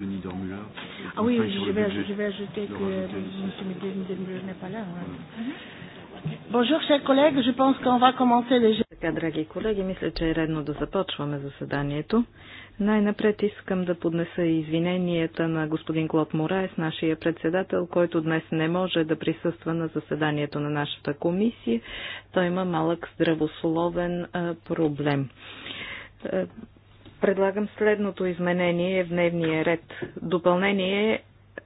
Denis Dormula. Ah oui, je vais, je vais ajouter que M. Dormula n'est pas là. Bonjour, chers collègues, je pense qu'on va commencer déjà. Така, драги колеги, мисля, че е редно да започваме заседанието. Най-напред искам да поднеса извиненията на господин Клод Мораес, нашия председател, който днес не може да присъства на заседанието на нашата комисия. Той има малък здравословен проблем предлагам следното изменение в дневния ред. Допълнение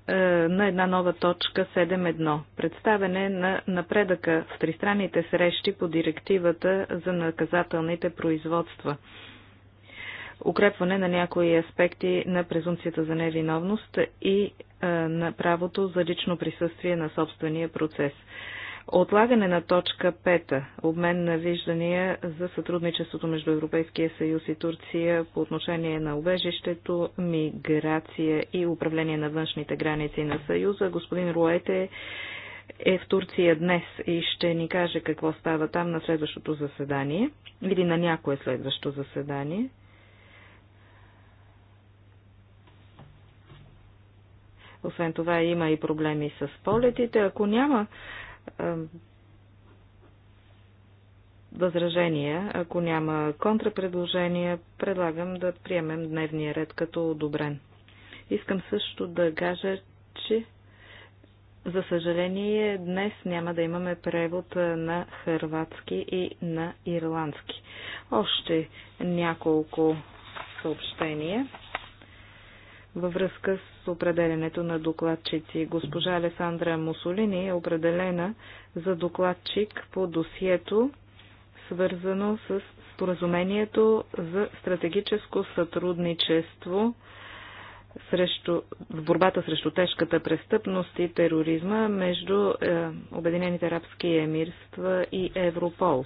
е, на една нова точка 7.1. Представене на напредъка в тристранните срещи по директивата за наказателните производства. Укрепване на някои аспекти на презумцията за невиновност и е, на правото за лично присъствие на собствения процес. Отлагане на точка 5. Обмен на виждания за сътрудничеството между Европейския съюз и Турция по отношение на убежището, миграция и управление на външните граници на Съюза. Господин Руете е в Турция днес и ще ни каже какво става там на следващото заседание или на някое следващо заседание. Освен това има и проблеми с полетите. Ако няма възражения, ако няма контрапредложения, предлагам да приемем дневния ред като одобрен. Искам също да кажа, че за съжаление днес няма да имаме превод на хърватски и на ирландски. Още няколко съобщения във връзка с определенето на докладчици. Госпожа Алесандра Мусолини е определена за докладчик по досието, свързано с споразумението за стратегическо сътрудничество срещу, в борбата срещу тежката престъпност и тероризма между е, Обединените арабски емирства и Европол.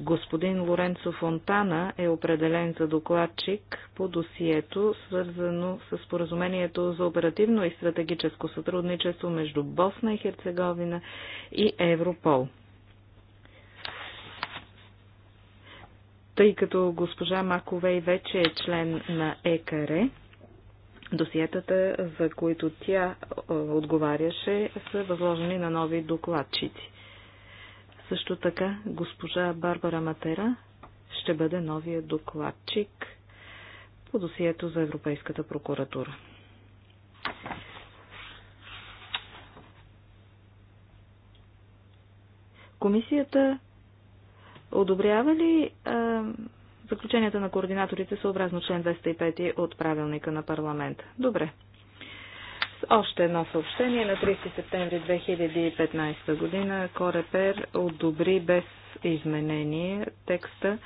Господин Лоренцо Фонтана е определен за докладчик по досието, свързано с споразумението за оперативно и стратегическо сътрудничество между Босна и Херцеговина и Европол. Тъй като госпожа Маковей вече е член на ЕКР, досиетата, за които тя отговаряше, са възложени на нови докладчици. Също така госпожа Барбара Матера ще бъде новия докладчик по досието за Европейската прокуратура. Комисията одобрява ли а, заключенията на координаторите съобразно член 205 от правилника на парламента? Добре още едно съобщение. На 30 септември 2015 година Корепер одобри без изменение текста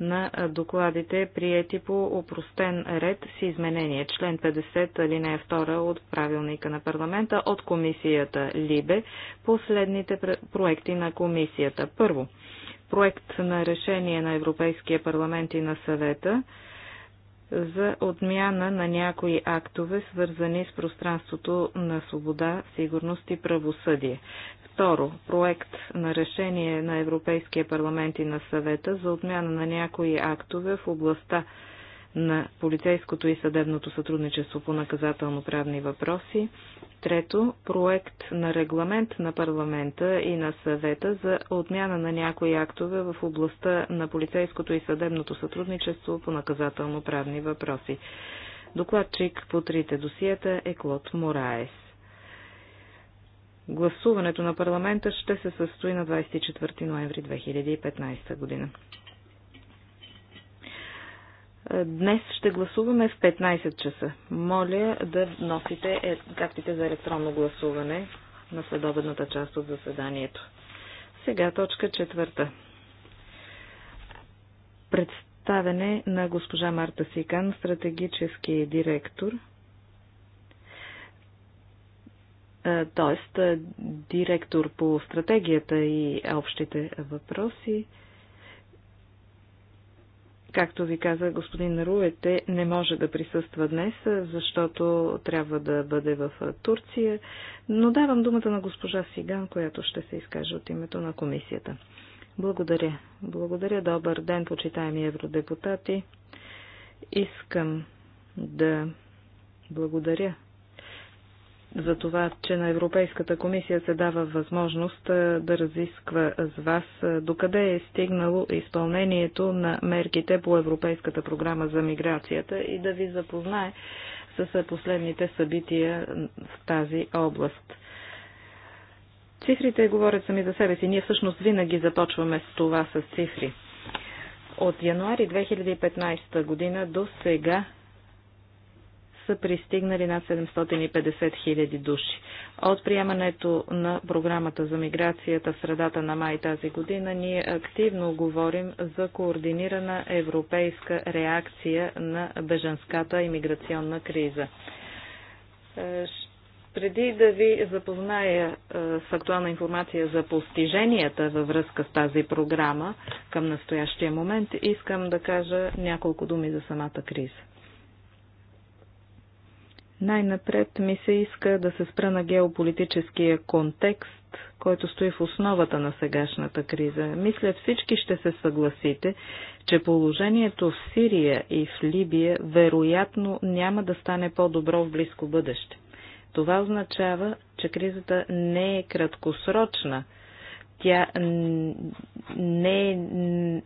на докладите, приети по опростен ред с изменение. Член 50, алинея 2 от правилника на парламента от комисията Либе последните проекти на комисията. Първо, проект на решение на Европейския парламент и на съвета за отмяна на някои актове, свързани с пространството на свобода, сигурност и правосъдие. Второ, проект на решение на Европейския парламент и на съвета за отмяна на някои актове в областта на полицейското и съдебното сътрудничество по наказателно-правни въпроси. Трето, проект на регламент на парламента и на съвета за отмяна на някои актове в областта на полицейското и съдебното сътрудничество по наказателно-правни въпроси. Докладчик по трите досиета е Клод Мораес. Гласуването на парламента ще се състои на 24 ноември 2015 година. Е, днес ще гласуваме в 15 часа. Моля да носите е, картите за електронно гласуване на следобедната част от заседанието. Сега точка четвърта. Представене на госпожа Марта Сикан, стратегически директор, т.е. Е, директор по стратегията и общите въпроси Както ви каза господин Руете, не може да присъства днес, защото трябва да бъде в Турция, но давам думата на госпожа Сиган, която ще се изкаже от името на комисията. Благодаря. Благодаря. Добър ден, почитаеми евродепутати. Искам да благодаря за това, че на Европейската комисия се дава възможност да разисква с вас докъде е стигнало изпълнението на мерките по Европейската програма за миграцията и да ви запознае с последните събития в тази област. Цифрите говорят сами за себе си. Ние всъщност винаги започваме с това с цифри. От януари 2015 година до сега са пристигнали над 750 хиляди души. От приемането на програмата за миграцията в средата на май тази година ние активно говорим за координирана европейска реакция на беженската иммиграционна криза. Е, преди да ви запозная е, с актуална информация за постиженията във връзка с тази програма към настоящия момент, искам да кажа няколко думи за самата криза. Най-напред ми се иска да се спра на геополитическия контекст, който стои в основата на сегашната криза. Мисля всички ще се съгласите, че положението в Сирия и в Либия вероятно няма да стане по-добро в близко бъдеще. Това означава, че кризата не е краткосрочна. Тя не е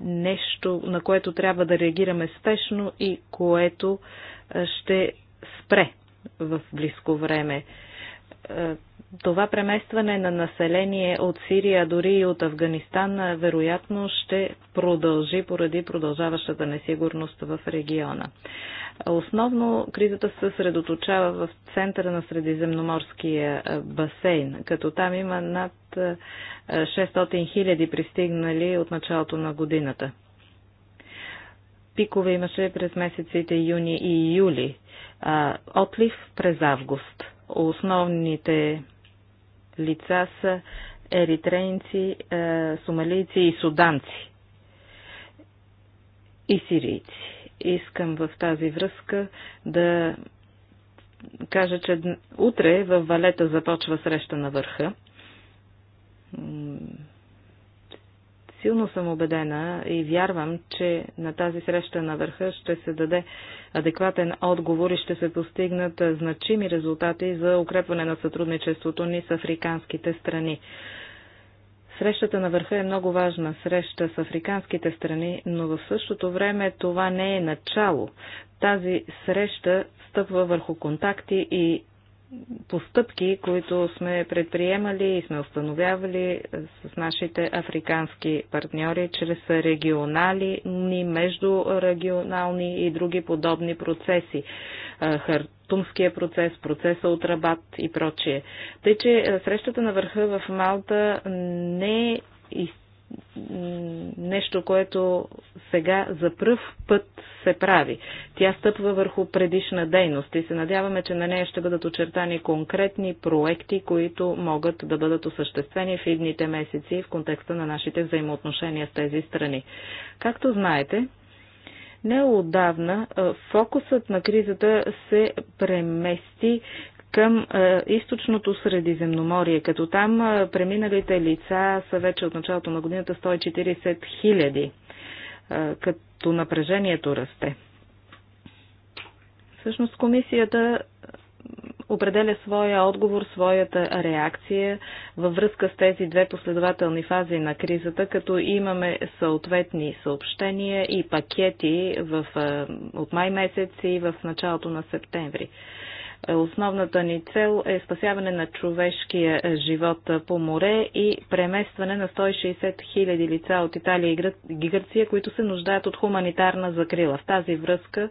нещо, на което трябва да реагираме спешно и което ще спре в близко време. Е, това преместване на население от Сирия, дори и от Афганистан, е, вероятно ще продължи поради продължаващата несигурност в региона. Основно кризата се съсредоточава в центъра на Средиземноморския е, басейн, като там има над 600 000 пристигнали от началото на годината пикове имаше през месеците юни и юли. А, отлив през август. Основните лица са еритрейнци, а, сумалийци и суданци и сирийци. Искам в тази връзка да кажа, че утре в Валета започва среща на върха Силно съм убедена и вярвам, че на тази среща на върха ще се даде адекватен отговор и ще се постигнат значими резултати за укрепване на сътрудничеството ни с африканските страни. Срещата на върха е много важна среща с африканските страни, но в същото време това не е начало. Тази среща стъпва върху контакти и постъпки, които сме предприемали и сме установявали с нашите африкански партньори чрез регионали, междурегионални и други подобни процеси. Хартумския процес, процеса от Рабат и прочие. Тъй, че срещата на върха в Малта не е нещо, което сега за пръв път се прави. Тя стъпва върху предишна дейност и се надяваме, че на нея ще бъдат очертани конкретни проекти, които могат да бъдат осъществени в идните месеци в контекста на нашите взаимоотношения с тези страни. Както знаете, не отдавна фокусът на кризата се премести към е, източното средиземноморие, като там е, преминалите лица са вече от началото на годината 140 хиляди, е, като напрежението расте. Всъщност комисията е, определя своя отговор, своята реакция във връзка с тези две последователни фази на кризата, като имаме съответни съобщения и пакети в, е, от май месец и в началото на септември. Основната ни цел е спасяване на човешкия живот по море и преместване на 160 хиляди лица от Италия и Гърция, които се нуждаят от хуманитарна закрила. В тази връзка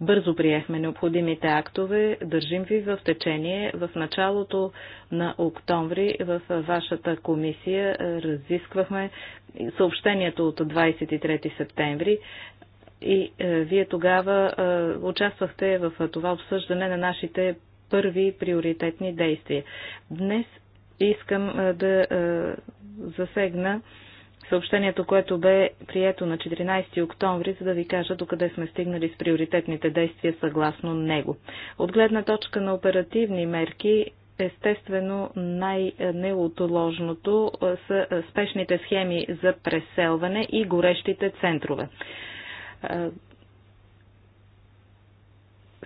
бързо приехме необходимите актове. Държим ви в течение. В началото на октомври в вашата комисия е, разисквахме съобщението от 23 септември. И е, вие тогава е, участвахте в е, това обсъждане на нашите първи приоритетни действия. Днес искам е, да е, засегна съобщението, което бе прието на 14 октомври, за да ви кажа докъде сме стигнали с приоритетните действия съгласно него. От гледна точка на оперативни мерки естествено най-неотложното е, са е, спешните схеми за преселване и горещите центрове.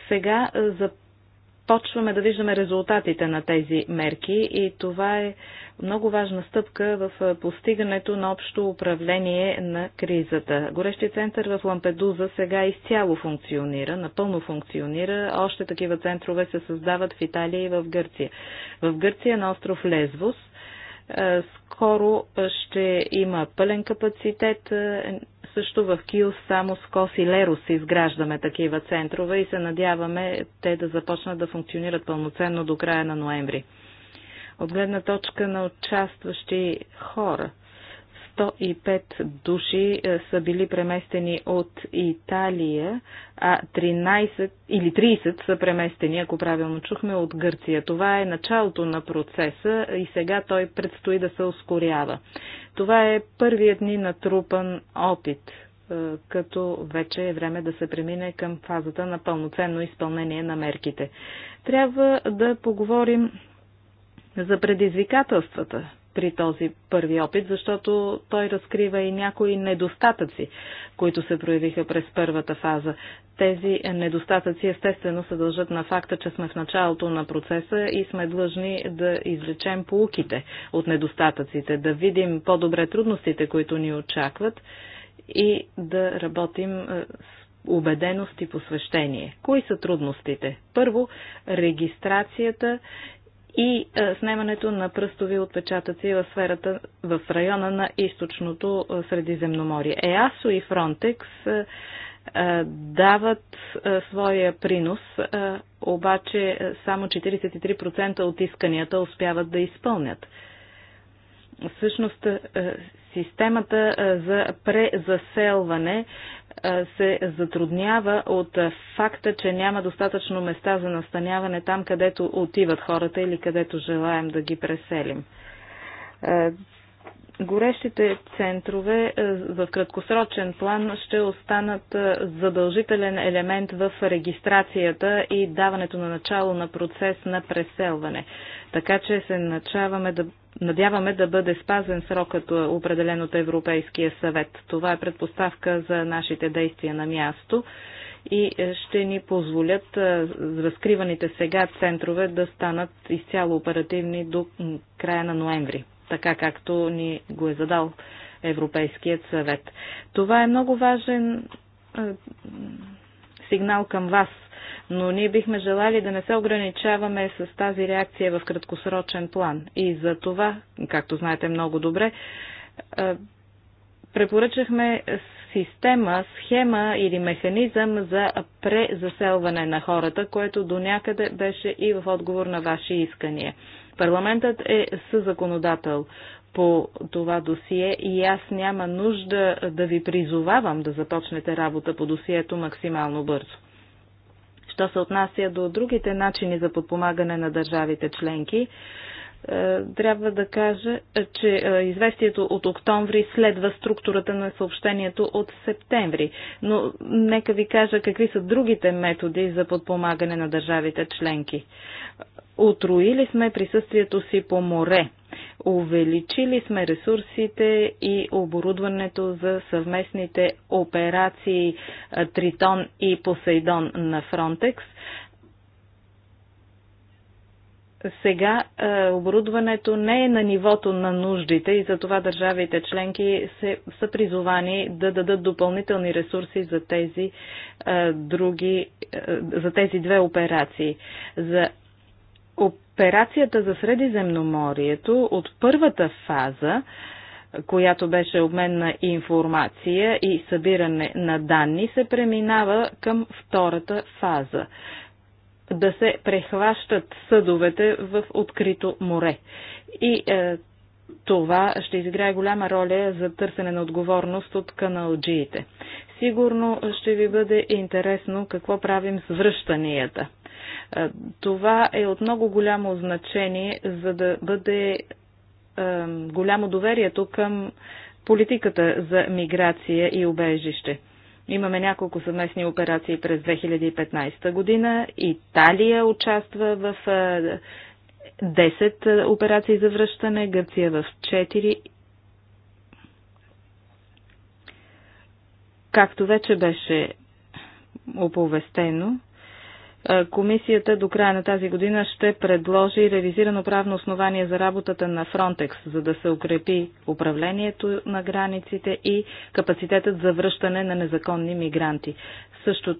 Сега започваме да виждаме резултатите на тези мерки и това е много важна стъпка в постигането на общо управление на кризата. Горещия център в Лампедуза сега изцяло функционира, напълно функционира. Още такива центрове се създават в Италия и в Гърция. В Гърция на остров Лезвос е, скоро е, ще има пълен капацитет. Е, също в Кио само с Кос и Лерос изграждаме такива центрове и се надяваме те да започнат да функционират пълноценно до края на ноември. От гледна точка на участващи хора – 105 души е, са били преместени от Италия, а 13 или 30 са преместени, ако правилно чухме, от Гърция. Това е началото на процеса и сега той предстои да се ускорява. Това е първият ни натрупан опит, е, като вече е време да се премине към фазата на пълноценно изпълнение на мерките. Трябва да поговорим за предизвикателствата, при този първи опит, защото той разкрива и някои недостатъци, които се проявиха през първата фаза. Тези недостатъци естествено се дължат на факта, че сме в началото на процеса и сме длъжни да извлечем полуките от недостатъците, да видим по-добре трудностите, които ни очакват и да работим е, с убеденост и посвещение. Кои са трудностите? Първо, регистрацията и е, снемането на пръстови отпечатъци в сферата в района на източното е, Средиземноморие. ЕАСО и Фронтекс е, дават своя принос, обаче само 43% от исканията успяват да изпълнят. Всъщност системата за презаселване се затруднява от факта, че няма достатъчно места за настаняване там, където отиват хората или където желаем да ги преселим. Горещите центрове в краткосрочен план ще останат задължителен елемент в регистрацията и даването на начало на процес на преселване. Така че се начаваме да, надяваме да бъде спазен срокът е, определен от Европейския съвет. Това е предпоставка за нашите действия на място и е, ще ни позволят е, разкриваните сега центрове да станат изцяло оперативни до края на ноември, така както ни го е задал Европейският съвет. Това е много важен сигнал към вас. Но ние бихме желали да не се ограничаваме с тази реакция в краткосрочен план. И за това, както знаете много добре, препоръчахме система, схема или механизъм за презаселване на хората, което до някъде беше и в отговор на ваши искания. Парламентът е съзаконодател по това досие и аз няма нужда да ви призовавам да започнете работа по досието максимално бързо. Що се отнася до другите начини за подпомагане на държавите членки, е, трябва да кажа, че е, известието от октомври следва структурата на съобщението от септември. Но нека ви кажа какви са другите методи за подпомагане на държавите членки. Отруили сме присъствието си по море Увеличили сме ресурсите и оборудването за съвместните операции Тритон и Посейдон на Фронтекс. Сега оборудването не е на нивото на нуждите и затова държавите членки се, са призовани да дадат допълнителни ресурси за тези, други, за тези две операции. За операцията за Средиземноморието от първата фаза, която беше обмен на информация и събиране на данни, се преминава към втората фаза да се прехващат съдовете в открито море. И е, това ще изиграе голяма роля за търсене на отговорност от каналджиите. Сигурно ще ви бъде интересно какво правим с връщанията. Е, това е от много голямо значение, за да бъде е, голямо доверието към политиката за миграция и убежище. Имаме няколко съвместни операции през 2015 година. Италия участва в 10 е, операции за връщане, Гърция в 4. Както вече беше оповестено, е, комисията до края на тази година ще предложи ревизирано правно основание за работата на Фронтекс, за да се укрепи управлението на границите и капацитетът за връщане на незаконни мигранти. Също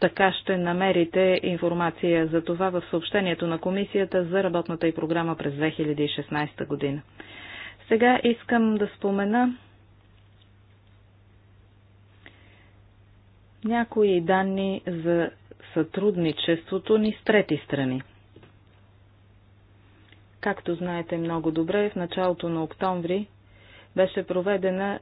така ще намерите информация за това в съобщението на Комисията за работната и програма през 2016 година. Сега искам да спомена някои данни за сътрудничеството ни с трети страни. Както знаете много добре, в началото на октомври беше проведена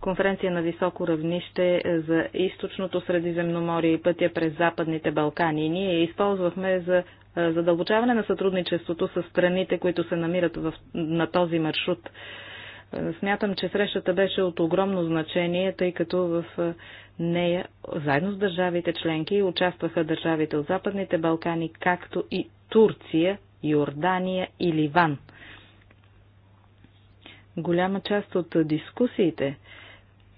конференция на високо равнище за източното Средиземноморие и пътя през Западните Балкани. И ние използвахме за задълбочаване на сътрудничеството с страните, които се намират в, на този маршрут. Смятам, че срещата беше от огромно значение, тъй като в нея, заедно с държавите членки, участваха държавите от Западните Балкани, както и Турция, Йордания и Ливан. Голяма част от дискусиите,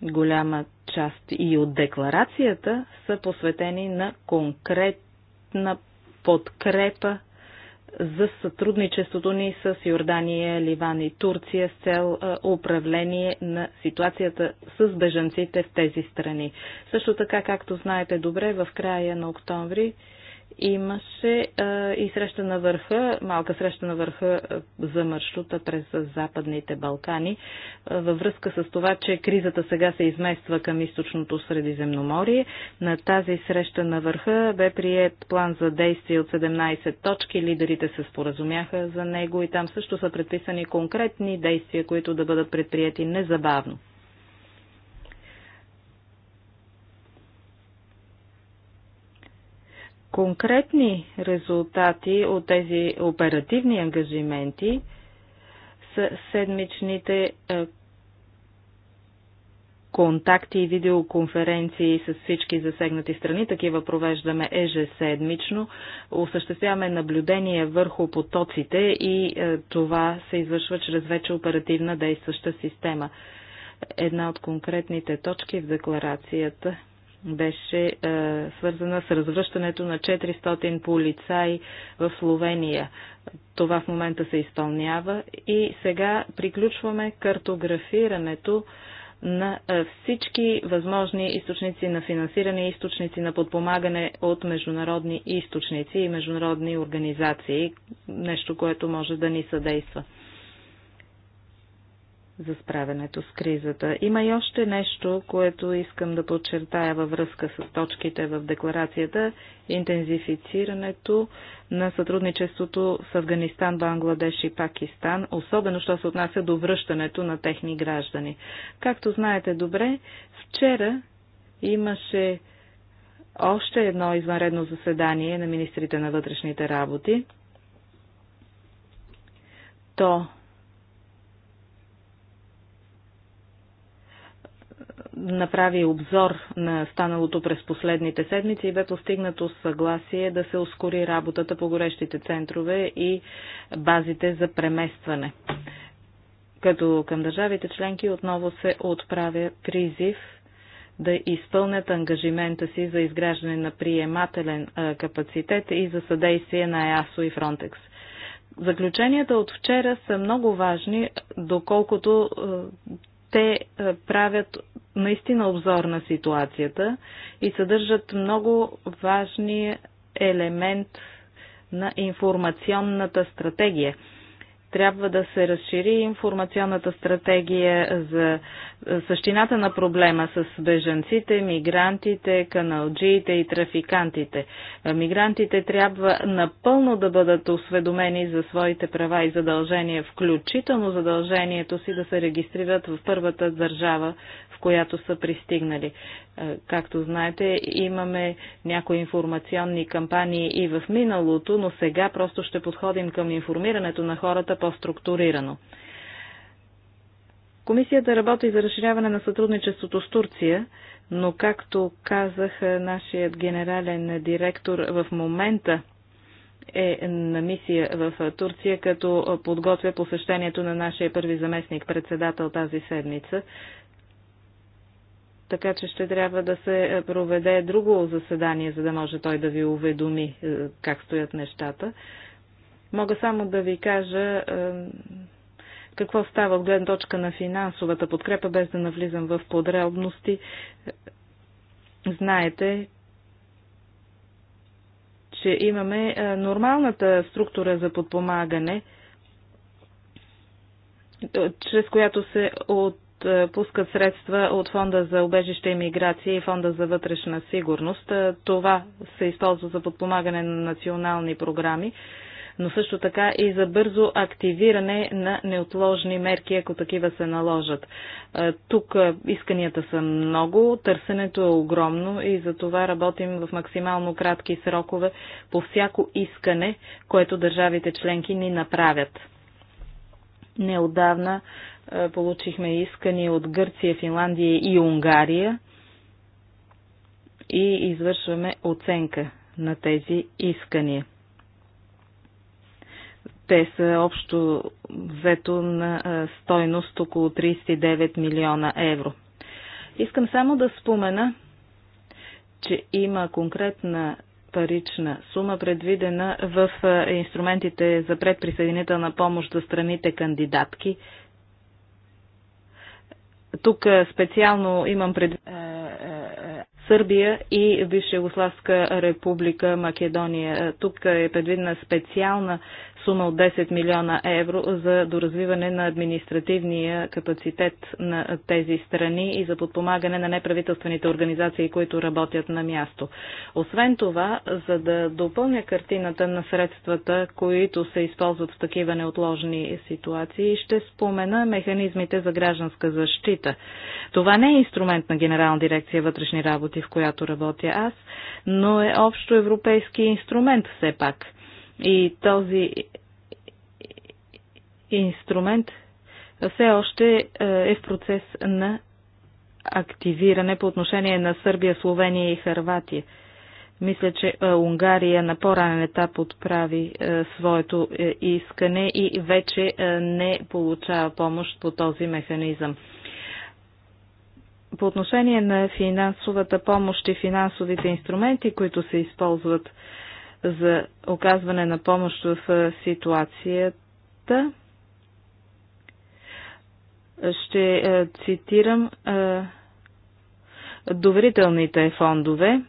голяма част и от декларацията са посветени на конкретна подкрепа за сътрудничеството ни с Йордания, Ливан и Турция с цел управление на ситуацията с бежанците в тези страни. Също така, както знаете добре, в края на октомври Имаше а, и среща на върха, малка среща на върха за маршрута през Западните Балкани, във връзка с това, че кризата сега се измества към източното Средиземноморие. На тази среща на върха бе прият план за действие от 17 точки. Лидерите се споразумяха за него и там също са предписани конкретни действия, които да бъдат предприяти незабавно. конкретни резултати от тези оперативни ангажименти са седмичните е, контакти и видеоконференции с всички засегнати страни. Такива провеждаме ежеседмично. Осъществяваме наблюдение върху потоците и е, това се извършва чрез вече оперативна действаща система. Една от конкретните точки в декларацията – беше е, свързана с развръщането на 400 полицаи в Словения. Това в момента се изпълнява и сега приключваме картографирането на е, всички възможни източници на финансиране, източници на подпомагане от международни източници и международни организации, нещо, което може да ни съдейства за справянето с кризата. Има и още нещо, което искам да подчертая във връзка с точките в декларацията интензифицирането на сътрудничеството с Афганистан, Бангладеш и Пакистан, особено що се отнася до връщането на техни граждани. Както знаете добре, вчера имаше още едно извънредно заседание на министрите на вътрешните работи. То направи обзор на станалото през последните седмици и бе постигнато съгласие да се ускори работата по горещите центрове и базите за преместване. Като към държавите членки отново се отправя призив да изпълнят ангажимента си за изграждане на приемателен капацитет и за съдействие на ЕАСО и Фронтекс. Заключенията от вчера са много важни, доколкото те е, правят наистина обзор на ситуацията и съдържат много важни елемент на информационната стратегия – трябва да се разшири информационната стратегия за е, същината на проблема с бежанците, мигрантите, каналджиите и трафикантите. Е, мигрантите трябва напълно да бъдат осведомени за своите права и задължения, включително задължението си да се регистрират в първата държава, която са пристигнали. Е, както знаете, имаме някои информационни кампании и в миналото, но сега просто ще подходим към информирането на хората по-структурирано. Комисията работи за разширяване на сътрудничеството с Турция, но както казах, е, нашият генерален директор в момента е на мисия в е, Турция, като подготвя посещението на нашия първи заместник председател тази седмица така че ще трябва да се е, проведе друго заседание, за да може той да ви уведоми е, как стоят нещата. Мога само да ви кажа е, какво става от гледна точка на финансовата подкрепа, без да навлизам в подробности. Знаете, че имаме нормалната структура за подпомагане, чрез която се от отпускат е, средства от Фонда за обежище и миграция и Фонда за вътрешна сигурност. Е, това се използва за подпомагане на национални програми, но също така и за бързо активиране на неотложни мерки, ако такива се наложат. Е, тук исканията са много, търсенето е огромно и за това работим в максимално кратки срокове по всяко искане, което държавите членки ни направят. Неодавна е, получихме искания от Гърция, Финландия и Унгария и извършваме оценка на тези искания. Те са общо взето на е, стойност около 39 милиона евро. Искам само да спомена, че има конкретна парична сума, предвидена в е, инструментите за предприсъединителна помощ за страните кандидатки тук е, специално имам пред е, е, Сърбия и Висшегославска република Македония. Тук е предвидена специална сума от 10 милиона евро за доразвиване на административния капацитет на тези страни и за подпомагане на неправителствените организации, които работят на място. Освен това, за да допълня картината на средствата, които се използват в такива неотложни ситуации, ще спомена механизмите за гражданска защита. Това не е инструмент на Генерална дирекция вътрешни работи, в която работя аз, но е общо европейски инструмент все пак – и този инструмент все още е, е в процес на активиране по отношение на Сърбия, Словения и Харватия. Мисля, че е, Унгария на по-ранен етап отправи е, своето искане и вече не получава помощ по този механизъм. По отношение на финансовата помощ и финансовите инструменти, които се използват за оказване на помощ в ситуацията. Ще цитирам доверителните фондове.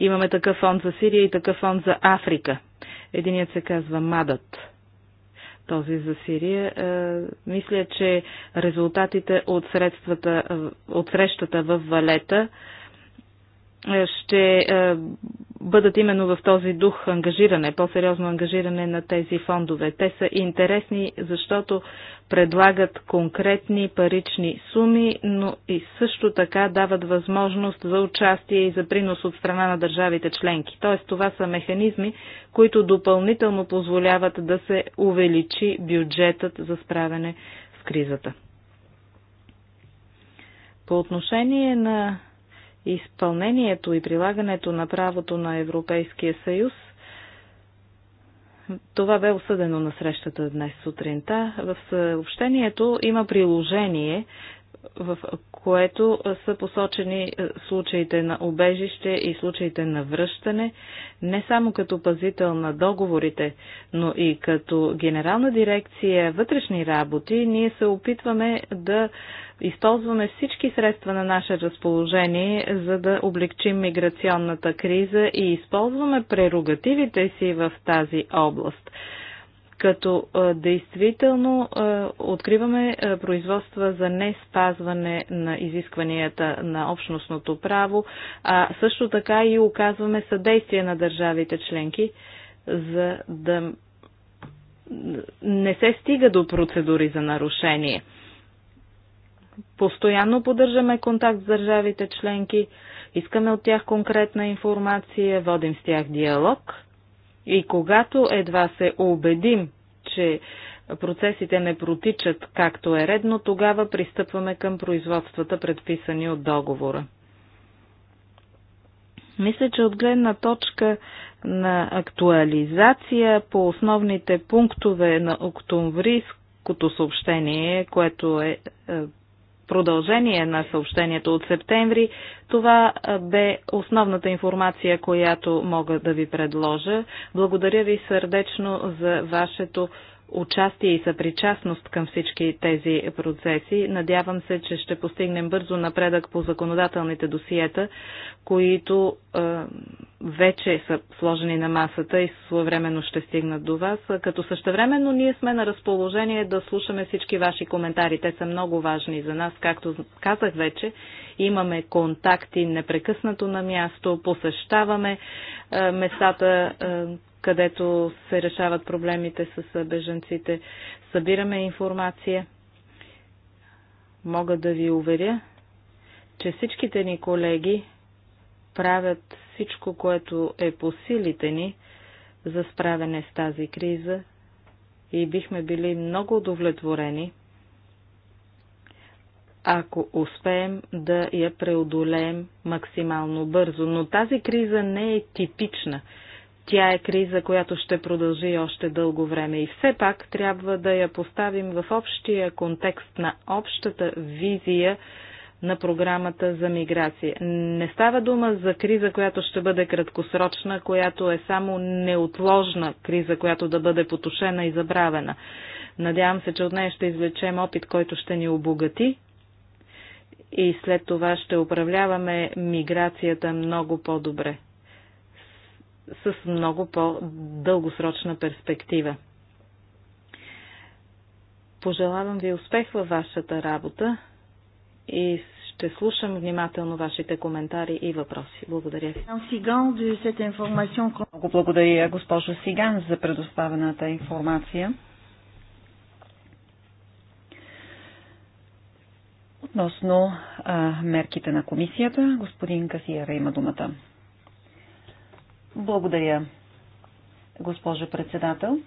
Имаме такъв фонд за Сирия и такъв фонд за Африка. Единият се казва МАДАТ този за Сирия. Мисля, че резултатите от средствата, от срещата в Валета ще е, бъдат именно в този дух ангажиране, по-сериозно ангажиране на тези фондове. Те са интересни, защото предлагат конкретни парични суми, но и също така дават възможност за участие и за принос от страна на държавите членки. Тоест това са механизми, които допълнително позволяват да се увеличи бюджетът за справяне с кризата. По отношение на изпълнението и прилагането на правото на Европейския съюз. Това бе осъдено на срещата днес сутринта. В съобщението има приложение, в което са посочени е, случаите на обежище и случаите на връщане, не само като пазител на договорите, но и като Генерална дирекция вътрешни работи, ние се опитваме да използваме всички средства на наше разположение, за да облегчим миграционната криза и използваме прерогативите си в тази област като а, действително а, откриваме а, производства за не спазване на изискванията на общностното право, а също така и оказваме съдействие на държавите членки, за да не се стига до процедури за нарушение. Постоянно поддържаме контакт с държавите членки, искаме от тях конкретна информация, водим с тях диалог и когато едва се убедим, че процесите не протичат както е редно, тогава пристъпваме към производствата, предписани от договора. Мисля, че от гледна точка на актуализация по основните пунктове на октомврийското съобщение, което е, е продължение на съобщението от септември. Това бе основната информация, която мога да ви предложа. Благодаря ви сърдечно за вашето участие и съпричастност към всички тези процеси. Надявам се, че ще постигнем бързо напредък по законодателните досиета, които е, вече са сложени на масата и своевременно ще стигнат до вас. Като същевременно ние сме на разположение да слушаме всички ваши коментари. Те са много важни за нас. Както казах вече, имаме контакти непрекъснато на място, посещаваме е, местата, е, където се решават проблемите с беженците. Събираме информация. Мога да ви уверя, че всичките ни колеги правят всичко, което е по силите ни за справяне с тази криза и бихме били много удовлетворени, ако успеем да я преодолеем максимално бързо. Но тази криза не е типична. Тя е криза, която ще продължи още дълго време и все пак трябва да я поставим в общия контекст на общата визия на програмата за миграция. Не става дума за криза, която ще бъде краткосрочна, която е само неотложна криза, която да бъде потушена и забравена. Надявам се, че от нея ще извлечем опит, който ще ни обогати и след това ще управляваме миграцията много по-добре с много по-дългосрочна перспектива. Пожелавам ви успех във вашата работа и ще слушам внимателно вашите коментари и въпроси. Благодаря ви. Много благодаря, госпожо Сиган, за предоставената информация. Относно а, мерките на комисията, господин Касиера има думата. Благодаря, госпожо председател.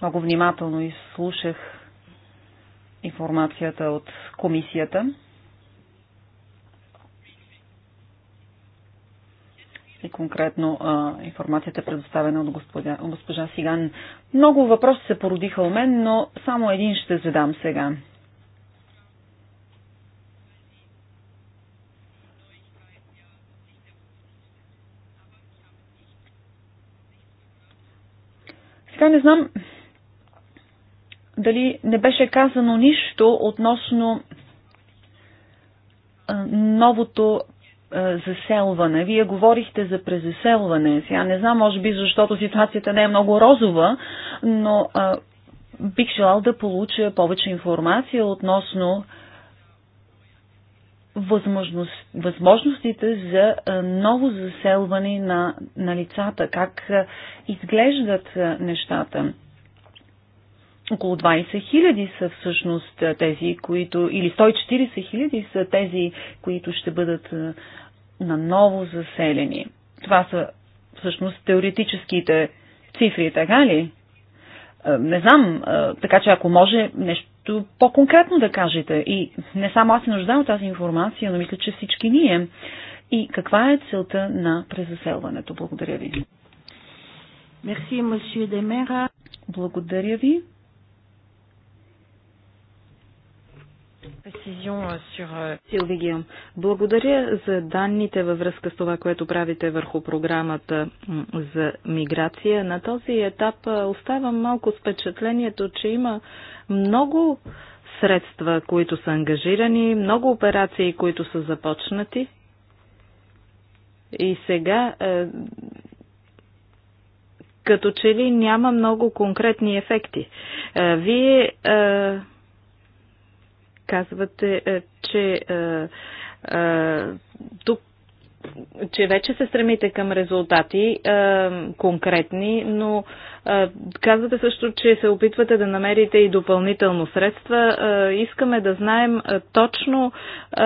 Много внимателно изслушах информацията от комисията. И конкретно а, информацията е предоставена от господя, госпожа Сиган. Много въпроси се породиха у мен, но само един ще задам сега. Сега не знам дали не беше казано нищо относно новото заселване. Вие говорихте за презаселване. Сега не знам, може би защото ситуацията не е много розова, но а, бих желал да получа повече информация относно а, възможност, възможностите за ново заселване на, на лицата, как изглеждат нещата. Около 20 хиляди са всъщност тези, които, или 140 хиляди са тези, които ще бъдат наново заселени. Това са всъщност теоретическите цифри, така ли? Не знам, така че ако може нещо нещо по-конкретно да кажете. И не само аз се нуждам от тази информация, но мисля, че всички ние. И каква е целта на презаселването? Благодаря ви. Мерси, мосю Демера. Благодаря ви. Euh, euh, благодаря за данните във връзка с това, което правите върху програмата за миграция. На този етап оставам малко с впечатлението, че има много средства, които са ангажирани, много операции, които са започнати. И сега е, като че ли няма много конкретни ефекти. Е, вие е, казвате, е, че е, е, тук че вече се стремите към резултати е, конкретни, но е, казвате също, че се опитвате да намерите и допълнително средства. Е, искаме да знаем е, точно е,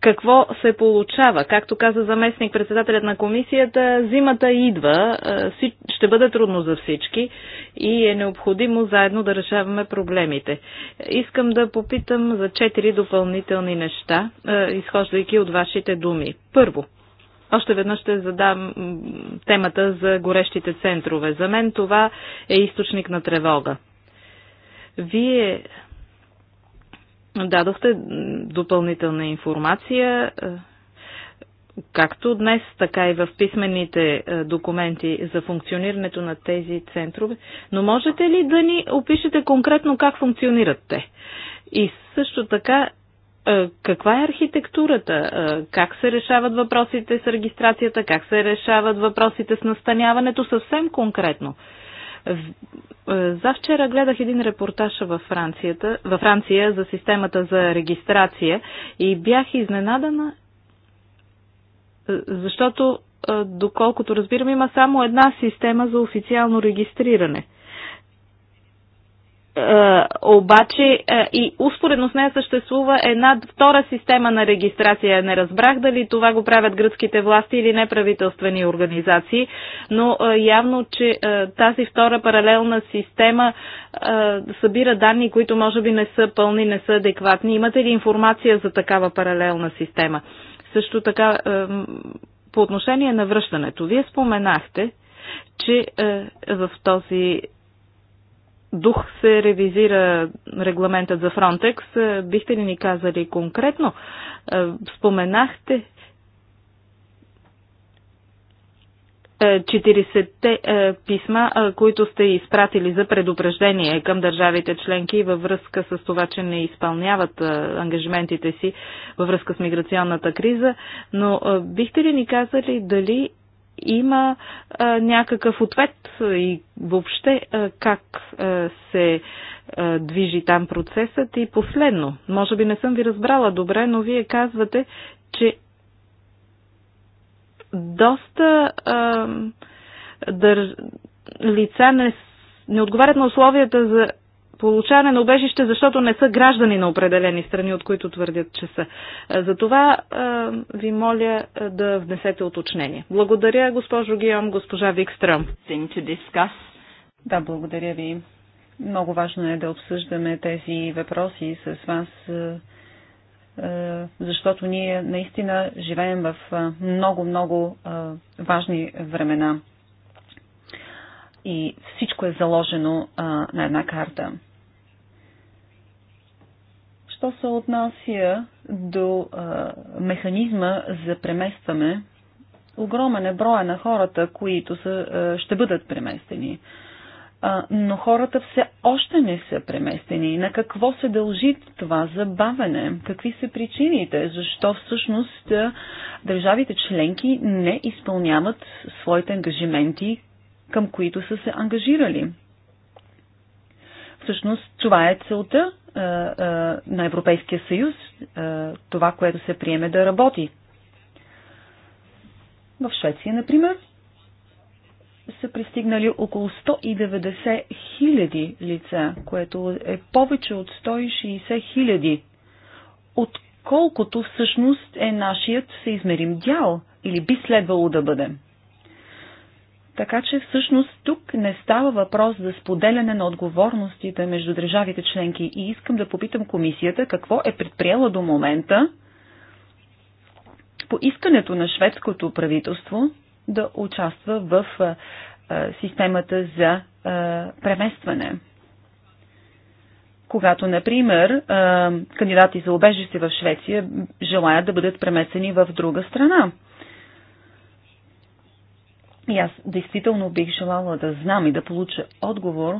какво се получава. Както каза заместник председателят на комисията, зимата идва, ще бъде трудно за всички и е необходимо заедно да решаваме проблемите. Искам да попитам за четири допълнителни неща, изхождайки от вашите думи. Първо, още веднъж ще задам темата за горещите центрове. За мен това е източник на тревога. Вие дадохте допълнителна информация, е, както днес, така и в писмените е, документи за функционирането на тези центрове. Но можете ли да ни опишете конкретно как функционират те? И също така, е, каква е архитектурата? Как се решават въпросите с регистрацията? Как се решават въпросите с настаняването? Съвсем конкретно. Е, Завчера гледах един репортаж във, Францията, във Франция за системата за регистрация и бях изненадана, е, защото, е, доколкото разбирам, има само една система за официално регистриране – е, обаче е, и успоредно с нея съществува една втора система на регистрация. Не разбрах дали това го правят гръцките власти или неправителствени организации, но е, явно, че тази втора паралелна система събира данни, които може би не са пълни, не са адекватни. Имате ли информация за такава паралелна система? Също така, по отношение на връщането, вие споменахте, че в този дух се ревизира регламентът за Фронтекс. Бихте ли ни казали конкретно? Е, споменахте 40-те е, е, писма, които сте изпратили за предупреждение към държавите членки във връзка с това, че не изпълняват ангажиментите си във връзка с миграционната криза, но бихте ли ни казали дали има а, някакъв ответ и въобще а, как а, се а, движи там процесът. И последно, може би не съм ви разбрала добре, но вие казвате, че доста а, дър... лица не, не отговарят на условията за получаване на убежище, защото не са граждани на определени страни, от които твърдят, че са. Затова ви моля да внесете уточнение. Благодаря, госпожо Гиом, госпожа Викстрам. Да, благодаря ви. Много важно е да обсъждаме тези въпроси с вас, защото ние наистина живеем в много-много важни времена. И всичко е заложено на една карта. Що се отнася до а, механизма за преместване, огромен е броя на хората, които са, а, ще бъдат преместени. А, но хората все още не са преместени. На какво се дължи това забавене? Какви са причините? Защо всъщност държавите членки не изпълняват своите ангажименти, към които са се ангажирали? Всъщност това е целта на Европейския съюз, това, което се приеме да работи. В Швеция, например, са пристигнали около 190 хиляди лица, което е повече от 160 хиляди, отколкото всъщност е нашият съизмерим дял или би следвало да бъде. Така че всъщност тук не става въпрос за споделяне на отговорностите между държавите членки и искам да попитам комисията какво е предприела до момента по искането на шведското правителство да участва в системата за преместване. Когато, например, кандидати за обежище в Швеция желаят да бъдат преместени в друга страна. И аз действително бих желала да знам и да получа отговор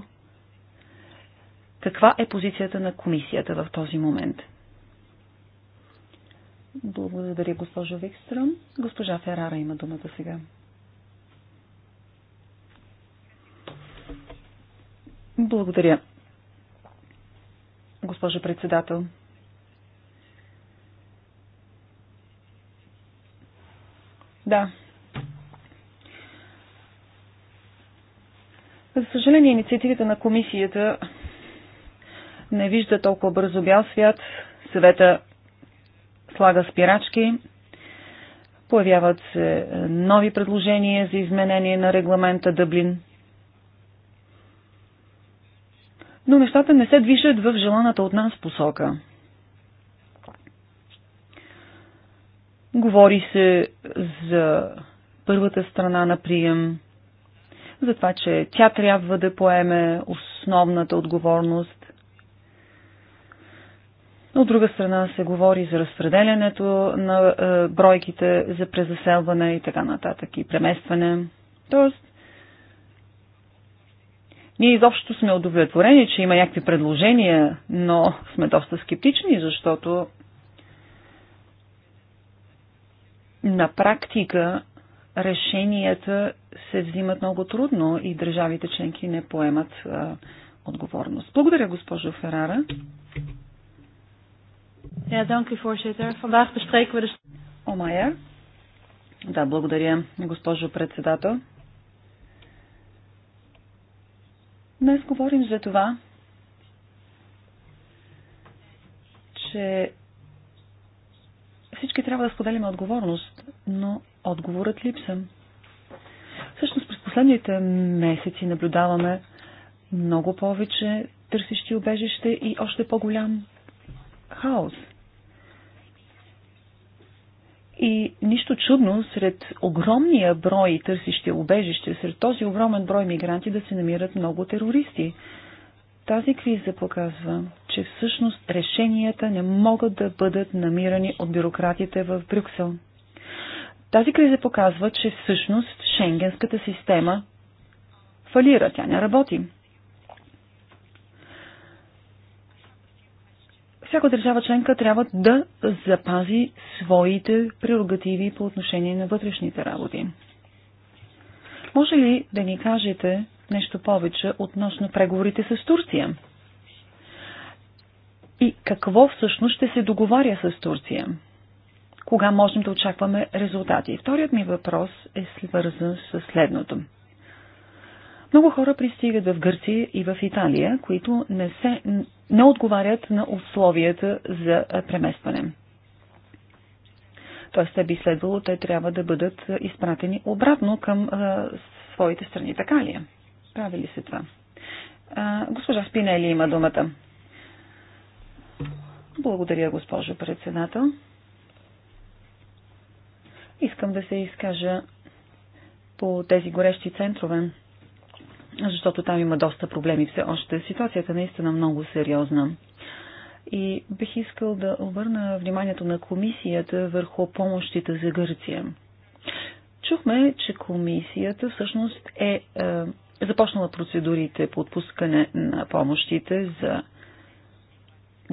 каква е позицията на комисията в този момент. Благодаря, госпожо Викстрън. Госпожа Ферара има думата сега. Благодаря, госпожо председател. Да, За съжаление, инициативите на комисията не вижда толкова бързо бял свят. Съвета слага спирачки. Появяват се нови предложения за изменение на регламента Дъблин. Но нещата не се движат в желаната от нас посока. Говори се за първата страна на прием, за това, че тя трябва да поеме основната отговорност. От друга страна се говори за разпределянето на е, бройките за презаселване и така нататък и преместване. Тоест, ние изобщо сме удовлетворени, че има някакви предложения, но сме доста скептични, защото на практика решенията се взимат много трудно и държавите членки не поемат а, отговорност. Благодаря, госпожо Ферара. Ja, dank u voorzitter. Vandaag bespreken we de... Да, благодаря, госпожо председател. Днес говорим за това, че всички трябва да споделим отговорност, но Отговорът липса. Всъщност през последните месеци наблюдаваме много повече търсещи обежище и още по-голям хаос. И нищо чудно сред огромния брой търсещи обежище, сред този огромен брой мигранти да се намират много терористи. Тази криза показва, че всъщност решенията не могат да бъдат намирани от бюрократите в Брюксел. Тази криза показва, че всъщност шенгенската система фалира, тя не работи. Всяка държава членка трябва да запази своите прерогативи по отношение на вътрешните работи. Може ли да ни кажете нещо повече относно преговорите с Турция? И какво всъщност ще се договаря с Турция? кога можем да очакваме резултати. И вторият ми въпрос е свързан с следното. Много хора пристигат в Гърция и в Италия, които не, се, не отговарят на условията за преместване. Тоест, те би следвало, те трябва да бъдат изпратени обратно към а, своите страни. Така ли е? Прави ли се това? А, госпожа Спинели има думата. Благодаря, госпожо председател. Искам да се изкажа по тези горещи центрове, защото там има доста проблеми все още. Ситуацията е наистина много сериозна. И бих искал да обърна вниманието на комисията върху помощите за Гърция. Чухме, че комисията всъщност е, е започнала процедурите по отпускане на помощите за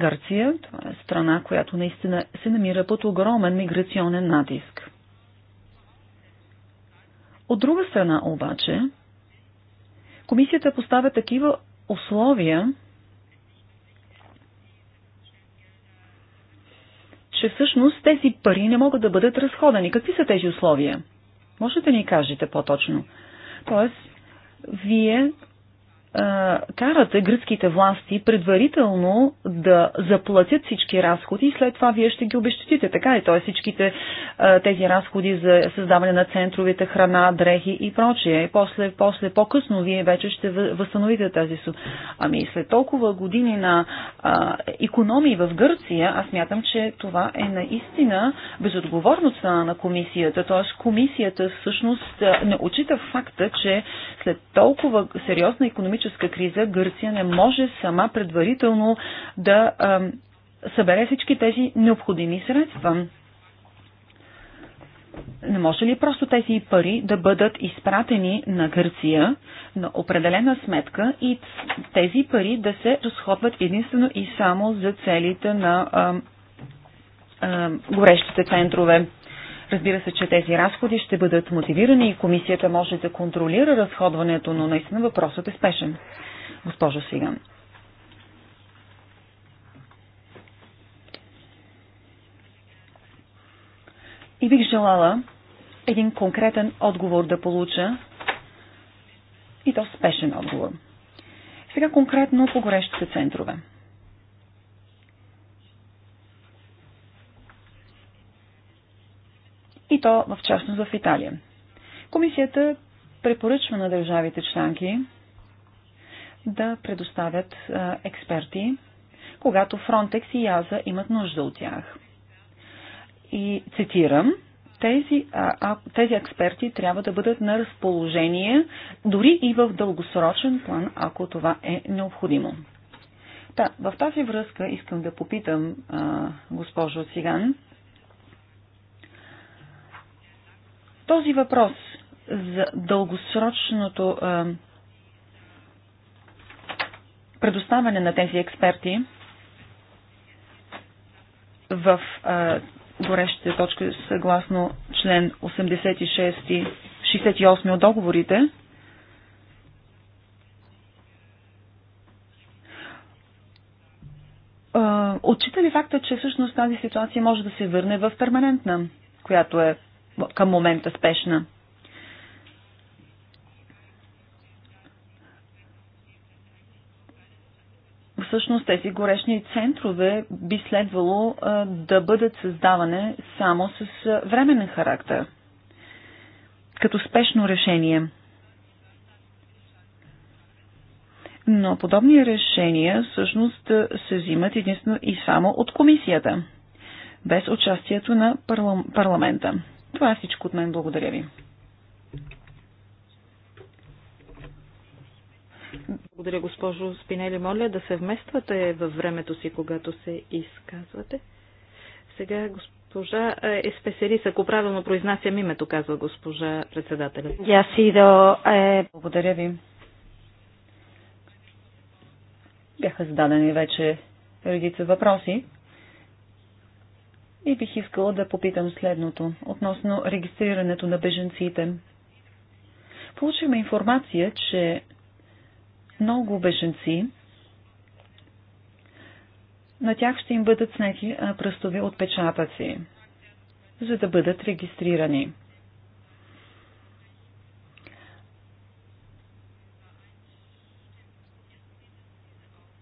Гърция. Това е страна, която наистина се намира под огромен миграционен натиск. От друга страна обаче, комисията поставя такива условия, че всъщност тези пари не могат да бъдат разходени. Какви са тези условия? Можете да ни кажете по-точно. Тоест, вие карате гръцките власти предварително да заплатят всички разходи и след това вие ще ги обещетите. Така и е. т.е. всичките а, тези разходи за създаване на центровете, храна, дрехи и прочие. И после, после по-късно вие вече ще възстановите тази суд. Ами след толкова години на а, економии в Гърция, аз мятам, че това е наистина безотговорност на комисията. Т.е. комисията всъщност не отчита факта, че след толкова сериозна економическа политическа криза Гърция не може сама предварително да а, събере всички тези необходими средства. Не може ли просто тези пари да бъдат изпратени на Гърция на определена сметка и тези пари да се разходват единствено и само за целите на а, а, горещите центрове? Разбира се, че тези разходи ще бъдат мотивирани и комисията може да контролира разходването, но наистина въпросът е спешен. Госпожо Сиган. И бих желала един конкретен отговор да получа и то спешен отговор. Сега конкретно по горещите центрове. и то в частност в Италия. Комисията препоръчва на държавите членки да предоставят а, експерти, когато Фронтекс и Яза имат нужда от тях. И цитирам, тези, а, а, тези експерти трябва да бъдат на разположение дори и в дългосрочен план, ако това е необходимо. Та, в тази връзка искам да попитам, а, госпожо Циган, Този въпрос за дългосрочното а, предоставяне на тези експерти в а, горещите точки съгласно член 86 68 от договорите, отчита ли факта, че всъщност тази ситуация може да се върне в перманентна, която е към момента спешна. всъщност тези горешни центрове би следвало да бъдат създаване само с временен характер, като спешно решение. Но подобни решения всъщност се взимат единствено и само от комисията, без участието на парламента. Това е всичко от мен. Благодаря ви. Благодаря, госпожо Спинели. Моля да се вмествате във времето си, когато се изказвате. Сега госпожа Еспесерис, е ако правилно произнасям името, казва госпожа председателя. Я си е, Благодаря ви. Бяха зададени вече редица въпроси. И бих искала да попитам следното относно регистрирането на беженците. Получихме информация, че много беженци на тях ще им бъдат снети пръстови отпечатъци, за да бъдат регистрирани.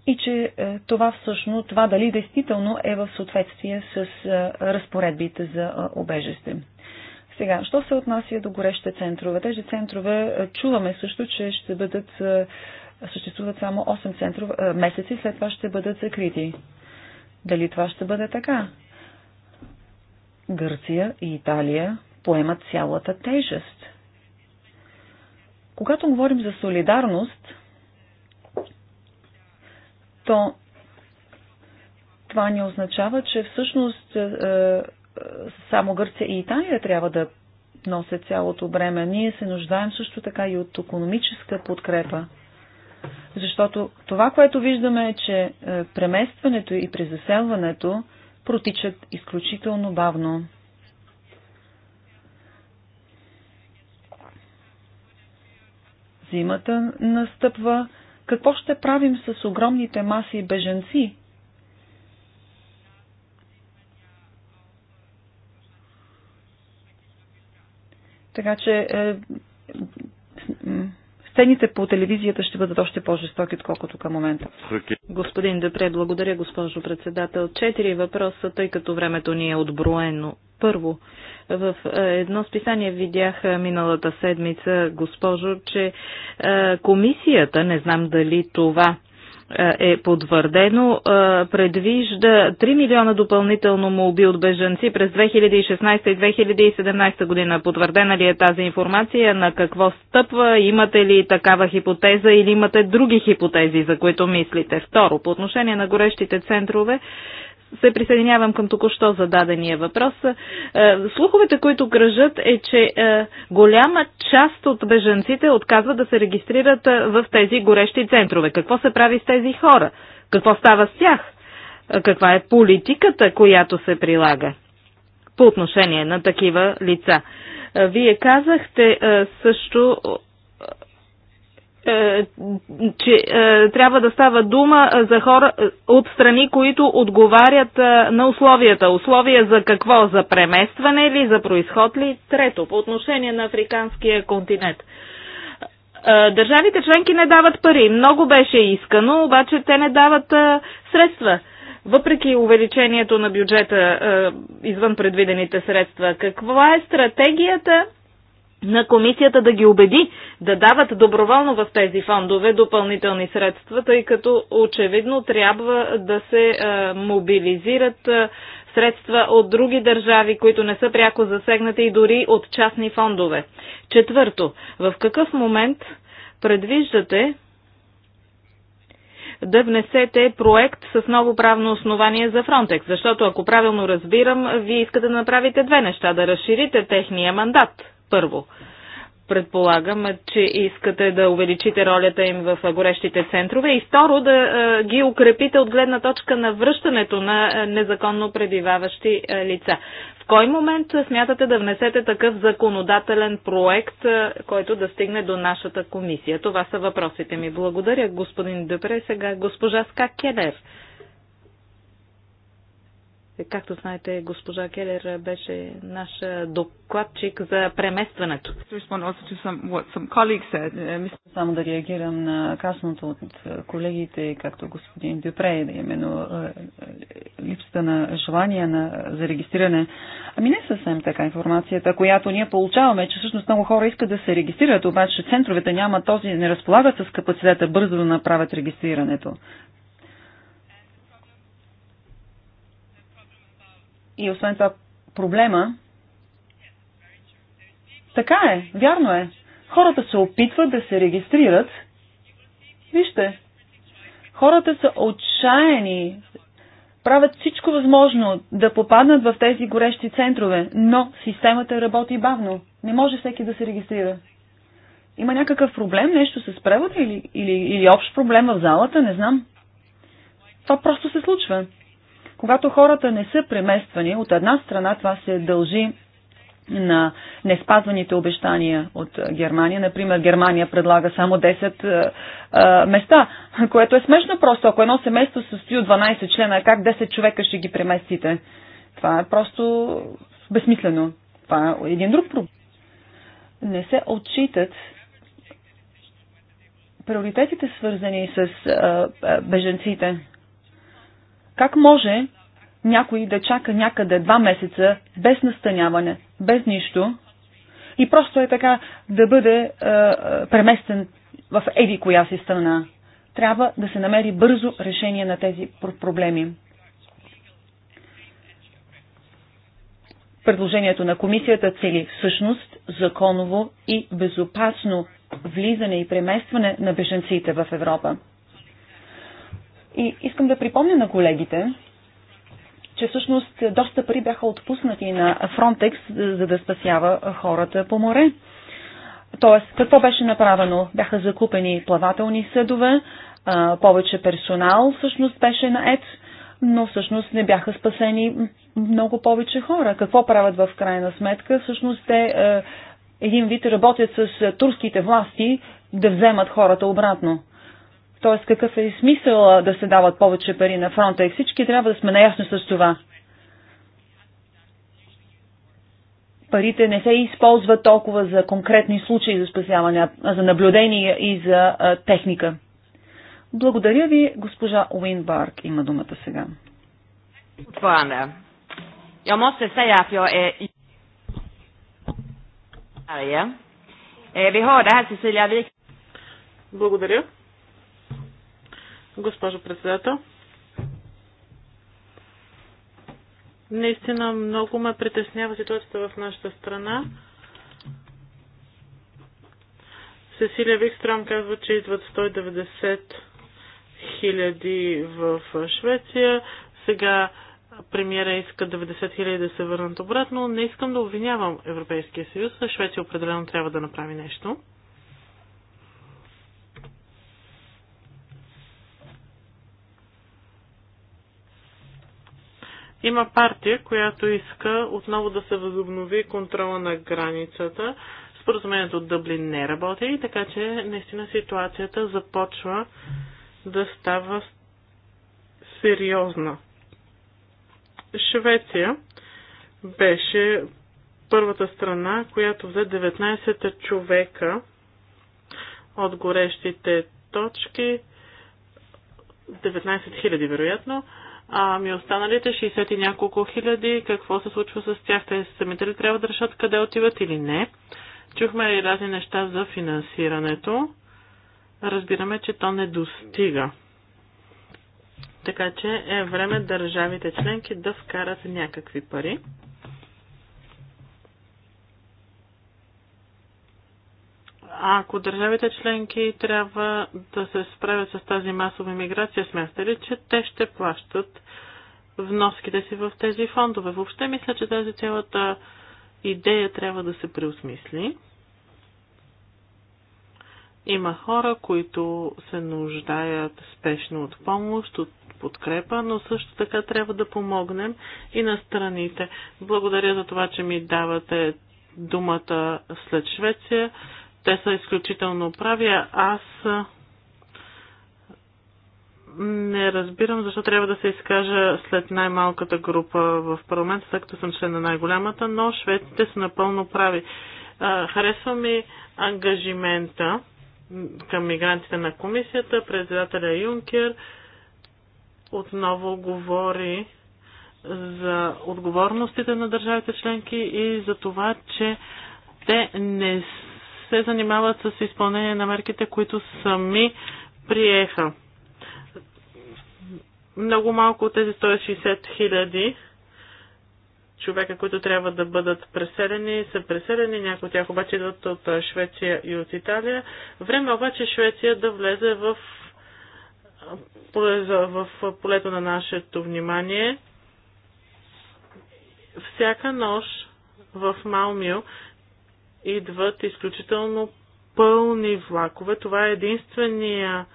и че е, това всъщност, това дали действително е в съответствие с е, разпоредбите за е, обежище. Сега, що се отнася до горещите центрове? Тези центрове чуваме също, че ще бъдат, съществуват само 8 центрове месеци, след това ще бъдат закрити. Дали това ще бъде така? Гърция и Италия поемат цялата тежест. Когато говорим за солидарност, то това не означава, че всъщност е, е, само Гърция и Италия трябва да носят цялото бреме. Ние се нуждаем също така и от економическа подкрепа. Защото това, което виждаме е, че е, преместването и презаселването протичат изключително бавно. Зимата настъпва, какво ще правим с огромните маси беженци? Така че е, Сцените по телевизията ще бъдат още по-жестоки, отколкото към момента. Господин Депре, благодаря, госпожо председател. Четири въпроса, тъй като времето ни е отброено. Първо, в е, едно списание видях е, миналата седмица, госпожо, че е, комисията, не знам дали това е потвърдено, е, предвижда 3 милиона допълнително молби от бежанци през 2016 и 2017 година. Потвърдена ли е тази информация? На какво стъпва? Имате ли такава хипотеза или имате други хипотези, за които мислите? Второ, по отношение на горещите центрове, се присъединявам към току-що зададения въпрос. Е, слуховете, които кръжат е, че е, голяма част от беженците отказват да се регистрират е, в тези горещи центрове. Какво се прави с тези хора? Какво става с тях? Каква е политиката, която се прилага по отношение на такива лица? Вие казахте също е, че е, трябва да става дума е, за хора от страни, които отговарят на условията. Условия за какво? За преместване ли, за происход ли? Трето, по отношение на африканския континент. Държавите членки не дават пари. Много беше искано, обаче те не дават средства. Въпреки увеличението на бюджета извън предвидените средства, каква е стратегията на комисията да ги убеди да дават доброволно в тези фондове допълнителни средства, тъй като очевидно трябва да се е, мобилизират е, средства от други държави, които не са пряко засегнати и дори от частни фондове. Четвърто, в какъв момент предвиждате да внесете проект с ново правно основание за Фронтекс? Защото, ако правилно разбирам, вие искате да направите две неща. Да разширите техния мандат първо, предполагам, че искате да увеличите ролята им в горещите центрове и второ да е, ги укрепите от гледна точка на връщането на е, незаконно пребиваващи е, лица. В кой момент смятате да внесете такъв законодателен проект, който да стигне до нашата комисия? Това са въпросите ми. Благодаря, господин Депре. Сега госпожа Ска Както знаете, госпожа Келер беше наш докладчик за преместването. Мисля Само да реагирам на казаното от колегите, както господин Дюпре, именно е, липсата на желание на, за регистриране. Ами не съвсем така информацията, която ние получаваме, че всъщност много хора искат да се регистрират, обаче центровете няма този, не разполагат с капацитета бързо да направят регистрирането. И освен това, проблема. Така е, вярно е. Хората се опитват да се регистрират. Вижте, хората са отчаяни, правят всичко възможно да попаднат в тези горещи центрове, но системата работи бавно. Не може всеки да се регистрира. Има някакъв проблем, нещо с превода или, или, или общ проблем в залата, не знам. Това просто се случва. Когато хората не са премествани, от една страна това се дължи на неспазваните обещания от Германия. Например, Германия предлага само 10 а, е, е, места, което е смешно просто. Ако едно семейство състои от 12 члена, как 10 човека ще ги преместите? Това е просто безсмислено. Това е един друг проблем. Не се отчитат приоритетите, свързани с а, е, а, беженците. Как може някой да чака някъде два месеца без настаняване, без нищо и просто е така да бъде е, е преместен в еди коя си страна. Трябва да се намери бързо решение на тези проблеми. Предложението на комисията цели всъщност законово и безопасно влизане и преместване на беженците в Европа. И искам да припомня на колегите, че всъщност доста пари бяха отпуснати на Frontex, за да спасява хората по море. Тоест, какво беше направено? Бяха закупени плавателни съдове, повече персонал всъщност беше на ЕЦ, но всъщност не бяха спасени много повече хора. Какво правят в крайна сметка? Всъщност те един вид работят с турските власти да вземат хората обратно. Т.е. какъв е смисъл да се дават повече пари на фронта и всички трябва да сме наясно с това. Парите не се използват толкова за конкретни случаи за спасяване, а за наблюдение и за а, техника. Благодаря ви, госпожа Барк има думата сега. Е е, Благодаря. Госпожо председател, наистина много ме притеснява ситуацията в нашата страна. Сесилия Викстрам казва, че идват 190 хиляди в Швеция. Сега премиера иска 90 хиляди да се върнат обратно. Не искам да обвинявам Европейския съюз, а Швеция определено трябва да направи нещо. Има партия, която иска отново да се възобнови контрола на границата. Споразумението от Дъблин не работи така че наистина ситуацията започва да става сериозна. Швеция беше първата страна, която взе 19 човека от горещите точки, 19 000 вероятно, Ами останалите 60 и няколко хиляди, какво се случва с тях? Те самите ли трябва да решат къде отиват или не? Чухме и разни неща за финансирането. Разбираме, че то не достига. Така че е време държавите членки да вкарат някакви пари. Ако държавите членки трябва да се справят с тази масова миграция, смятате ли, че те ще плащат вноските си в тези фондове? Въобще мисля, че тази цялата идея трябва да се преосмисли. Има хора, които се нуждаят спешно от помощ, от подкрепа, но също така трябва да помогнем и на страните. Благодаря за това, че ми давате думата след Швеция. Те са изключително прави. Аз не разбирам защо трябва да се изкажа след най-малката група в парламента, след като съм член на най-голямата, но шведите са напълно прави. Харесва ми ангажимента към мигрантите на комисията, председателя Юнкер отново говори за отговорностите на държавите членки и за това, че те не се занимават с изпълнение на мерките, които сами приеха. Много малко от тези 160 хиляди човека, които трябва да бъдат преселени, са преселени, някои от тях обаче идват от Швеция и от Италия. Време обаче Швеция да влезе в, в полето на нашето внимание. Всяка нощ в Малмио идват изключително пълни влакове. Това е единствения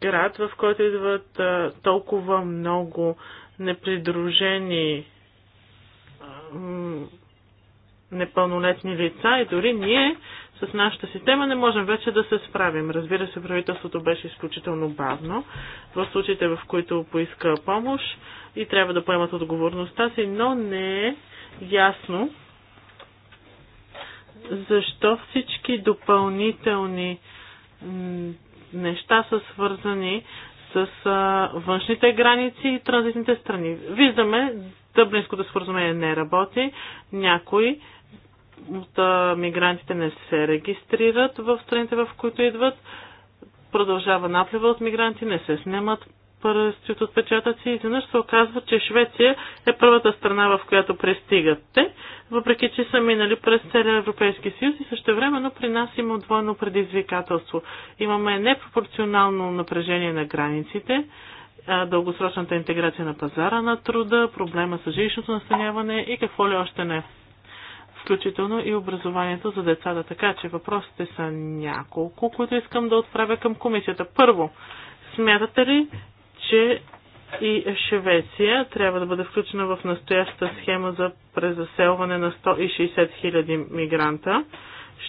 град, в който идват а, толкова много непридружени а, непълнолетни лица и дори ние с нашата система не можем вече да се справим. Разбира се, правителството беше изключително бавно в случаите, в които поиска помощ и трябва да поемат отговорността си, но не е ясно защо всички допълнителни неща са свързани с а, външните граници и транзитните страни. Виждаме, Дъблинското споразумение не работи, някои от а, мигрантите не се регистрират в страните, в които идват, продължава наплива от мигранти, не се снимат пръстите отпечатъци. Изведнъж се оказва, че Швеция е първата страна, в която пристигат те, въпреки че са минали през целия Европейски съюз и също времено при нас има двойно предизвикателство. Имаме непропорционално напрежение на границите, дългосрочната интеграция на пазара на труда, проблема с жилищното настаняване и какво ли още не. Включително и образованието за децата. Така че въпросите са няколко, които искам да отправя към комисията. Първо, смятате ли, че и Швеция трябва да бъде включена в настоящата схема за презаселване на 160 000 мигранта.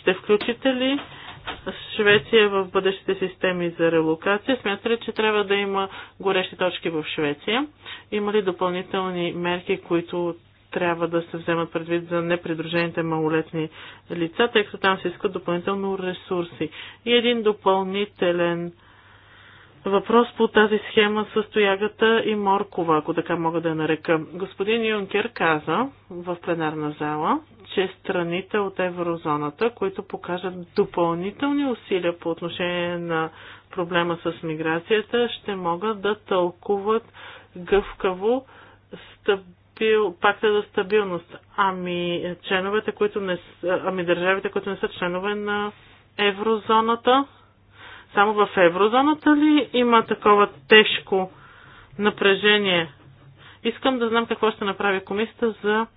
Ще включите ли Швеция в бъдещите системи за релокация? Смятате ли, че трябва да има горещи точки в Швеция? Има ли допълнителни мерки, които трябва да се вземат предвид за непридружените малолетни лица, тъй като там се искат допълнително ресурси? И един допълнителен въпрос по тази схема с Тоягата и Моркова, ако така мога да нарека. Господин Юнкер каза в пленарна зала, че страните от еврозоната, които покажат допълнителни усилия по отношение на проблема с миграцията, ще могат да тълкуват гъвкаво стабил, пакта за стабилност. Ами, членовете, които не, ами държавите, които не са членове на еврозоната, само в еврозоната ли има такова тежко напрежение? Искам да знам какво ще направи комисията за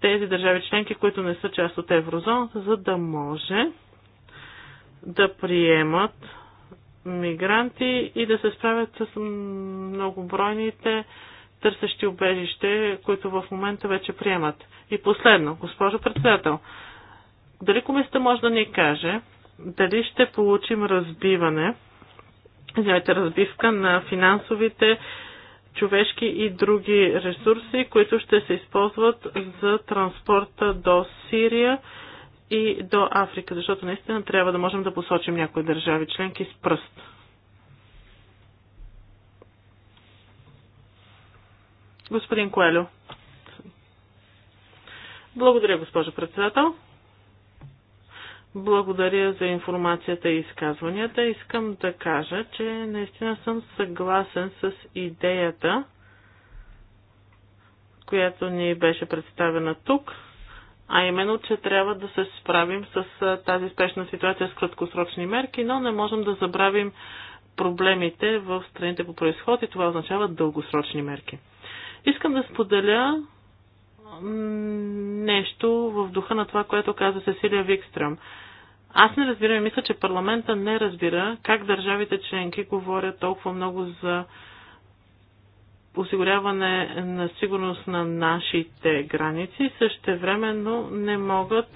тези държави членки, които не са част от еврозоната, за да може да приемат мигранти и да се справят с многобройните търсещи убежище, които в момента вече приемат. И последно, госпожо председател, дали комисията може да ни каже дали ще получим разбиване, извинете, разбивка на финансовите, човешки и други ресурси, които ще се използват за транспорта до Сирия и до Африка, защото наистина трябва да можем да посочим някои държави членки с пръст. Господин Коелю. Благодаря, госпожо председател. Благодаря за информацията и изказванията. Искам да кажа, че наистина съм съгласен с идеята, която ни беше представена тук, а именно, че трябва да се справим с тази спешна ситуация с краткосрочни мерки, но не можем да забравим проблемите в страните по происход и това означава дългосрочни мерки. Искам да споделя нещо в духа на това, което каза Сесилия Викстрам. Аз не разбирам и мисля, че парламента не разбира как държавите членки говорят толкова много за осигуряване на сигурност на нашите граници, същевременно не могат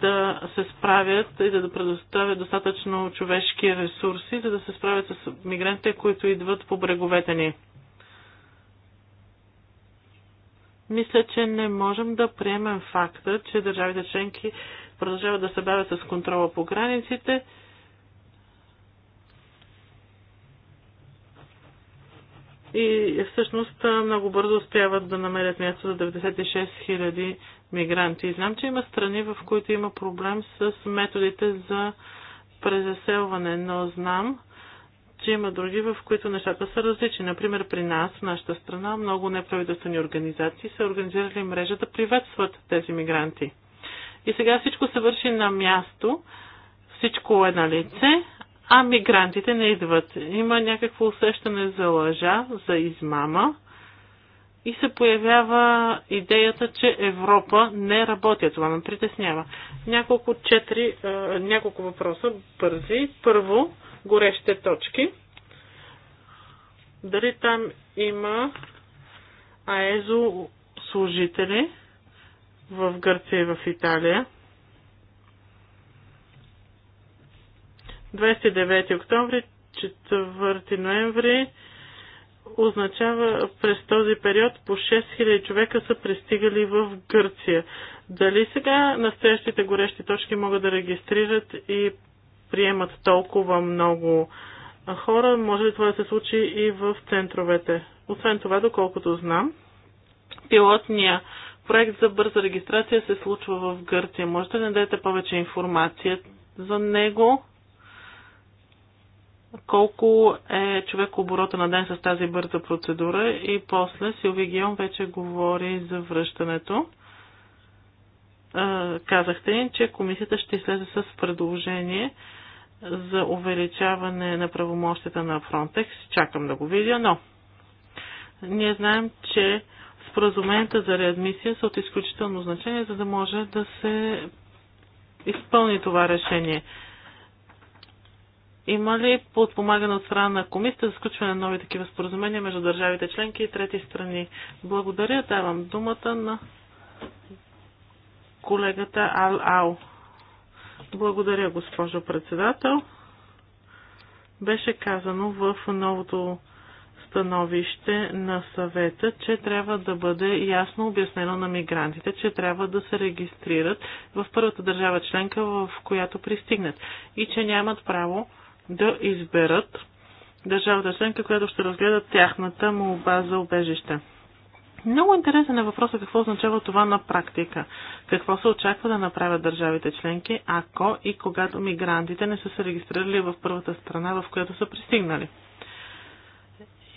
да се справят и да предоставят достатъчно човешки ресурси, за да се справят с мигрантите, които идват по бреговете ни. Мисля, че не можем да приемем факта, че държавите членки продължават да се бавят с контрола по границите. И всъщност много бързо успяват да намерят място за 96 000 мигранти. И знам, че има страни, в които има проблем с методите за презаселване, но знам, че има други, в които нещата са различни. Например, при нас, в нашата страна, много неправителствени организации са организирали мрежа да приветстват тези мигранти. И сега всичко се върши на място, всичко е на лице, а мигрантите не идват. Има някакво усещане за лъжа, за измама и се появява идеята, че Европа не работи. Това ме притеснява. Няколко, четири, е, няколко въпроса бързи. Първо, горещите точки. Дали там има АЕЗО служители? в Гърция и в Италия. 29 октомври, 4 ноември означава през този период по 6000 човека са пристигали в Гърция. Дали сега настоящите горещи точки могат да регистрират и приемат толкова много хора? Може ли това да се случи и в центровете? Освен това, доколкото знам, пилотния проект за бърза регистрация се случва в Гърция. Можете да дадете повече информация за него? Колко е човек оборота на ден с тази бърза процедура? И после Силви Гион вече говори за връщането. Казахте им, че комисията ще излезе с предложение за увеличаване на правомощите на Frontex. Чакам да го видя, но ние знаем, че споразуменията за реадмисия са от изключително значение, за да може да се изпълни това решение. Има ли подпомагане от страна на комисията за сключване на нови такива споразумения между държавите членки и трети страни? Благодаря. Давам думата на колегата Ал Ау. Благодаря, госпожо председател. Беше казано в новото становище на съвета, че трябва да бъде ясно обяснено на мигрантите, че трябва да се регистрират в първата държава членка, в която пристигнат и че нямат право да изберат държавата членка, която ще разгледа тяхната молба за убежище. Много интересен е въпросът какво означава това на практика. Какво се очаква да направят държавите членки, ако и когато мигрантите не са се регистрирали в първата страна, в която са пристигнали.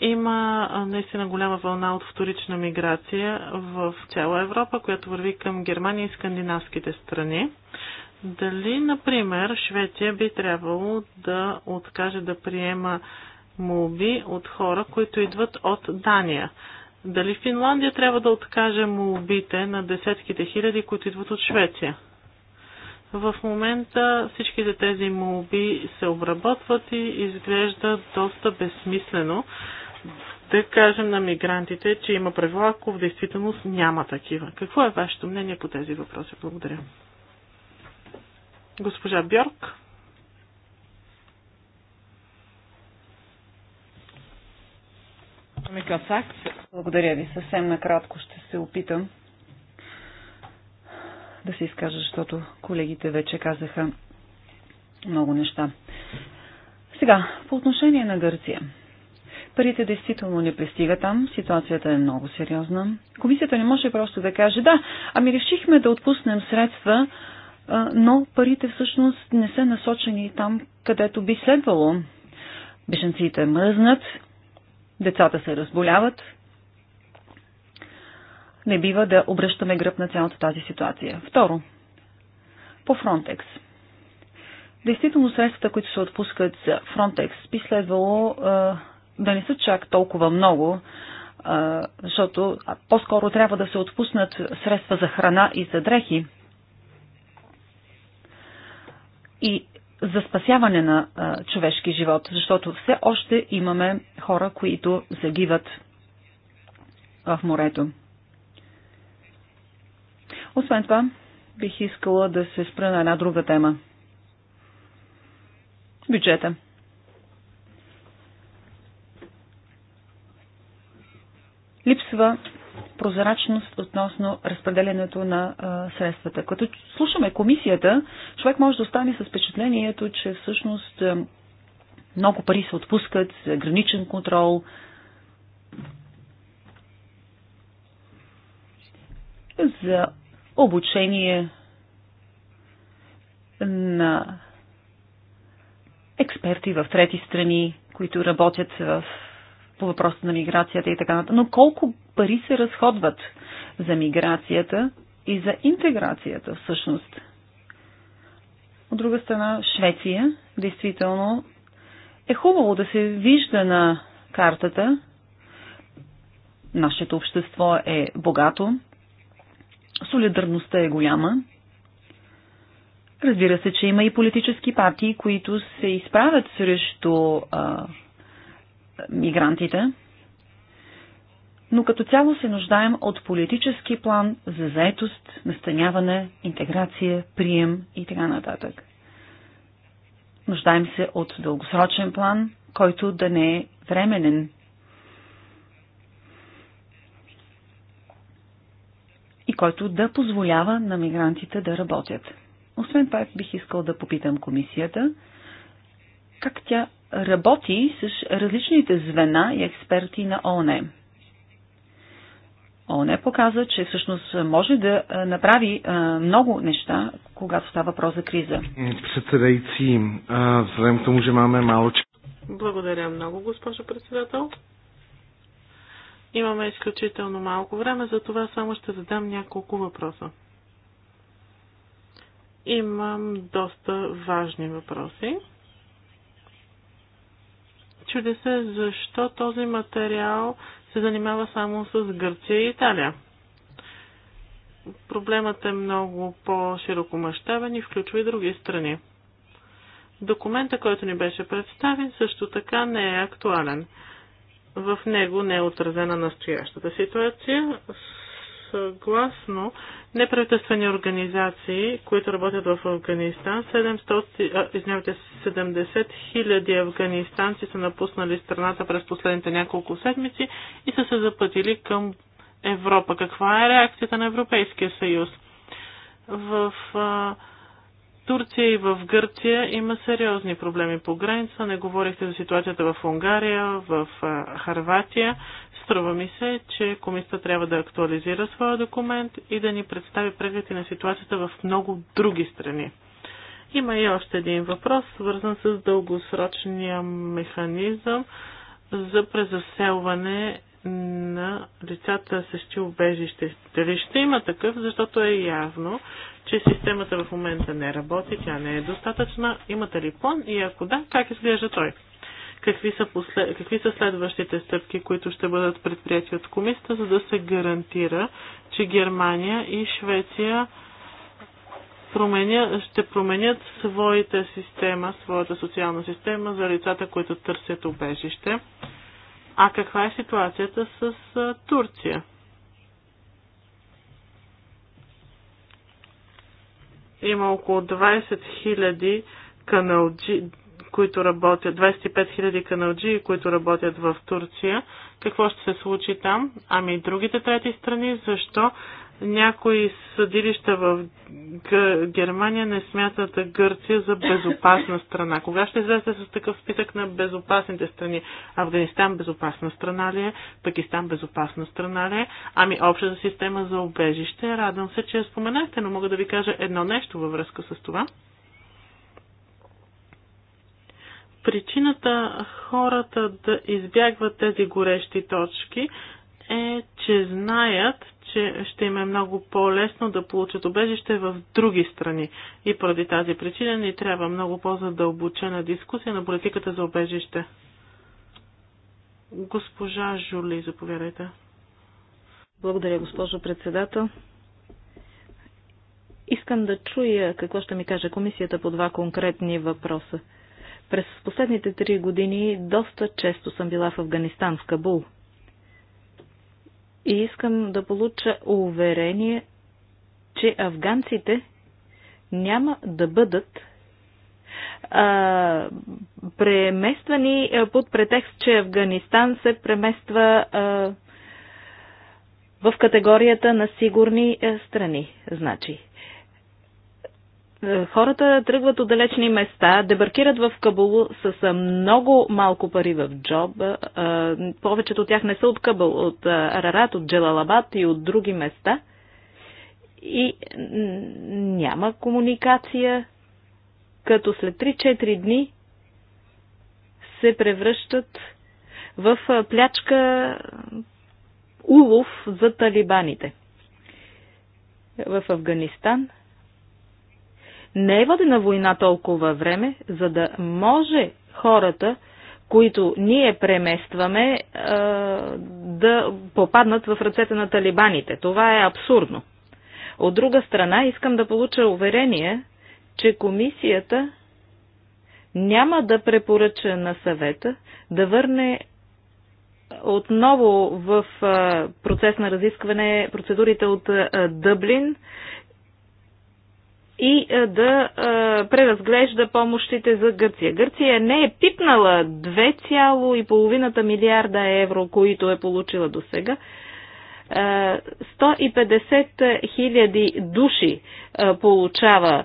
Има наистина голяма вълна от вторична миграция в цяла Европа, която върви към Германия и скандинавските страни. Дали, например, Швеция би трябвало да откаже да приема молби от хора, които идват от Дания? Дали Финландия трябва да откаже молбите на десетките хиляди, които идват от Швеция? В момента всичките тези молби се обработват и изглежда доста безсмислено, да кажем на мигрантите, че има правила, ако в действителност няма такива. Какво е вашето мнение по тези въпроси? Благодаря. Госпожа Бьорк. Благодаря ви. Съвсем накратко ще се опитам да се изкажа, защото колегите вече казаха много неща. Сега, по отношение на Гърция. Парите действително не пристига там, ситуацията е много сериозна. Комисията не може просто да каже, да, ами решихме да отпуснем средства, но парите всъщност не са насочени там, където би следвало. Бешенците мръзнат, децата се разболяват. Не бива да обръщаме гръб на цялата тази ситуация. Второ, по Фронтекс. Действително средствата, които се отпускат за Фронтекс, би следвало а, да не са чак толкова много, защото по-скоро трябва да се отпуснат средства за храна и за дрехи. И за спасяване на а, човешки живот, защото все още имаме хора, които загиват в морето. Освен това, бих искала да се спра на една друга тема. Бюджета. липсва прозрачност относно разпределенето на а, средствата. Като слушаме комисията, човек може да остане с впечатлението, че всъщност а, много пари се отпускат за граничен контрол. За обучение на експерти в трети страни, които работят в по въпросите на миграцията и така нататък. Но колко пари се разходват за миграцията и за интеграцията всъщност? От друга страна, Швеция, действително, е хубаво да се вижда на картата. Нашето общество е богато, солидарността е голяма. Разбира се, че има и политически партии, които се изправят срещу а, мигрантите, но като цяло се нуждаем от политически план за заетост, настаняване, интеграция, прием и така нататък. Нуждаем се от дългосрочен план, който да не е временен. И който да позволява на мигрантите да работят. Освен това бих искал да попитам комисията, как тя работи с различните звена и експерти на ОНЕ. ОНЕ показа, че всъщност може да направи много неща, когато става въпрос за криза. Председайци, взем к тому, че имаме малко. Благодаря много, госпожо председател. Имаме изключително малко време, за това само ще задам няколко въпроса. Имам доста важни въпроси чуди се защо този материал се занимава само с Гърция и Италия. Проблемът е много по-широкомащабен и включва и други страни. Документа, който ни беше представен, също така не е актуален. В него не е отразена настоящата ситуация съгласно неправителствени организации, които работят в Афганистан, 700, извинявайте, 70 000 афганистанци са напуснали страната през последните няколко седмици и са се запътили към Европа. Каква е реакцията на Европейския съюз? В а, Турция и в Гърция има сериозни проблеми по граница. Не говорихте за ситуацията в Унгария, в Харватия. Струва ми се, че комисията трябва да актуализира своя документ и да ни представи преглед на ситуацията в много други страни. Има и още един въпрос, свързан с дългосрочния механизъм за презаселване на лицата с убежище. Дали ще има такъв, защото е явно, че системата в момента не работи, тя не е достатъчна. Имате ли план и ако да, как изглежда той? какви са, послед... какви са следващите стъпки, които ще бъдат предприяти от комисията, за да се гарантира, че Германия и Швеция променя, ще променят своята система, своята социална система за лицата, които търсят убежище. А каква е ситуацията с Турция? Има около 20 000 каналджи, които работят, 25 000 каналджии, които работят в Турция. Какво ще се случи там? Ами и другите трети страни, защо някои съдилища в Германия не смятат Гърция за безопасна страна. Кога ще излезете с такъв списък на безопасните страни? Афганистан безопасна страна ли е? Пакистан безопасна страна ли е? Ами общата система за обежище. Радвам се, че я споменахте, но мога да ви кажа едно нещо във връзка с това. Причината хората да избягват тези горещи точки е, че знаят, че ще им е много по-лесно да получат обежище в други страни. И поради тази причина ни трябва много по-задълбочена дискусия на политиката за обежище. Госпожа Жули, заповядайте. Благодаря, госпожо председател. Искам да чуя какво ще ми каже комисията по два конкретни въпроса. През последните три години доста често съм била в Афганистан, в Кабул. И искам да получа уверение, че афганците няма да бъдат а, премествани под претекст, че Афганистан се премества а, в категорията на сигурни страни. Значи, е, хората тръгват от далечни места, дебаркират в Кабул с е, много малко пари в джоба. Е, повечето от тях не са от Кабул, от Арарат, от Джелалабад и от други места. И няма комуникация, като след 3-4 дни се превръщат в плячка улов за талибаните. В Афганистан – не е водена война толкова време, за да може хората, които ние преместваме, да попаднат в ръцете на талибаните. Това е абсурдно. От друга страна, искам да получа уверение, че комисията няма да препоръча на съвета да върне отново в процес на разискване процедурите от Дъблин и е, да е, преразглежда помощите за Гърция. Гърция не е пипнала 2,5 милиарда евро, които е получила до сега. 150 е, хиляди души получава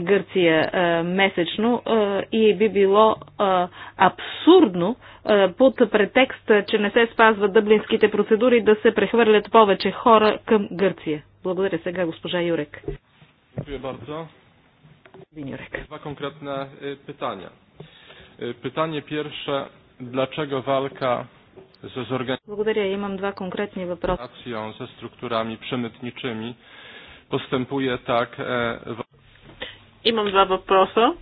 Гърция месечно и би било абсурдно под претекст, че не се спазват дъблинските процедури да се прехвърлят повече хора към Гърция. Благодаря сега госпожа Юрек. Dziękuję bardzo. Dwa konkretne pytania. Pytanie pierwsze, dlaczego walka ze zorganizacją, ze strukturami przemytniczymi postępuje tak I mam dwa въпроса.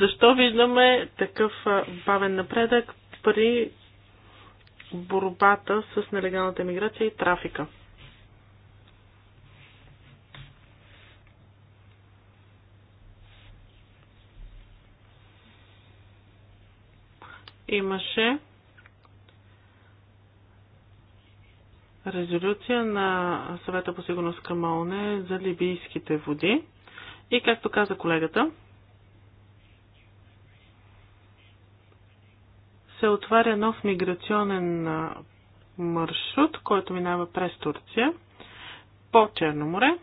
Защо виждаме такъв бавен напредък при борбата с нелегалната миграция и трафика? имаше резолюция на съвета по сигурност към ООН за либийските води. И както каза колегата, се отваря нов миграционен маршрут, който минава през Турция по Черно море.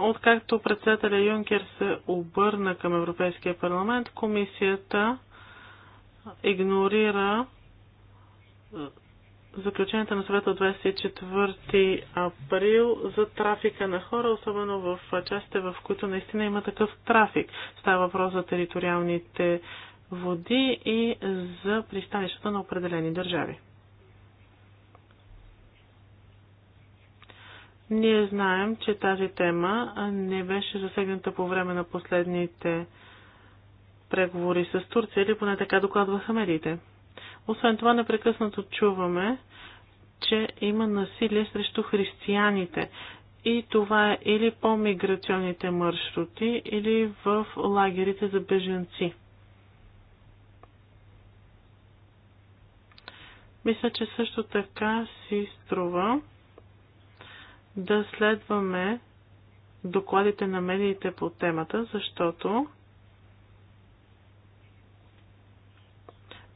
Откакто председателя Юнкер се обърна към Европейския парламент, комисията игнорира е, заключенията на съвета от 24 април за трафика на хора, особено в частите, в които наистина има такъв трафик. Става въпрос за териториалните води и за пристанищата на определени държави. Ние знаем, че тази тема не беше засегната по време на последните преговори с Турция, или поне така докладваха медиите. Освен това, непрекъснато чуваме, че има насилие срещу християните. И това е или по миграционните маршрути, или в лагерите за беженци. Мисля, че също така си струва да следваме докладите на медиите по темата, защото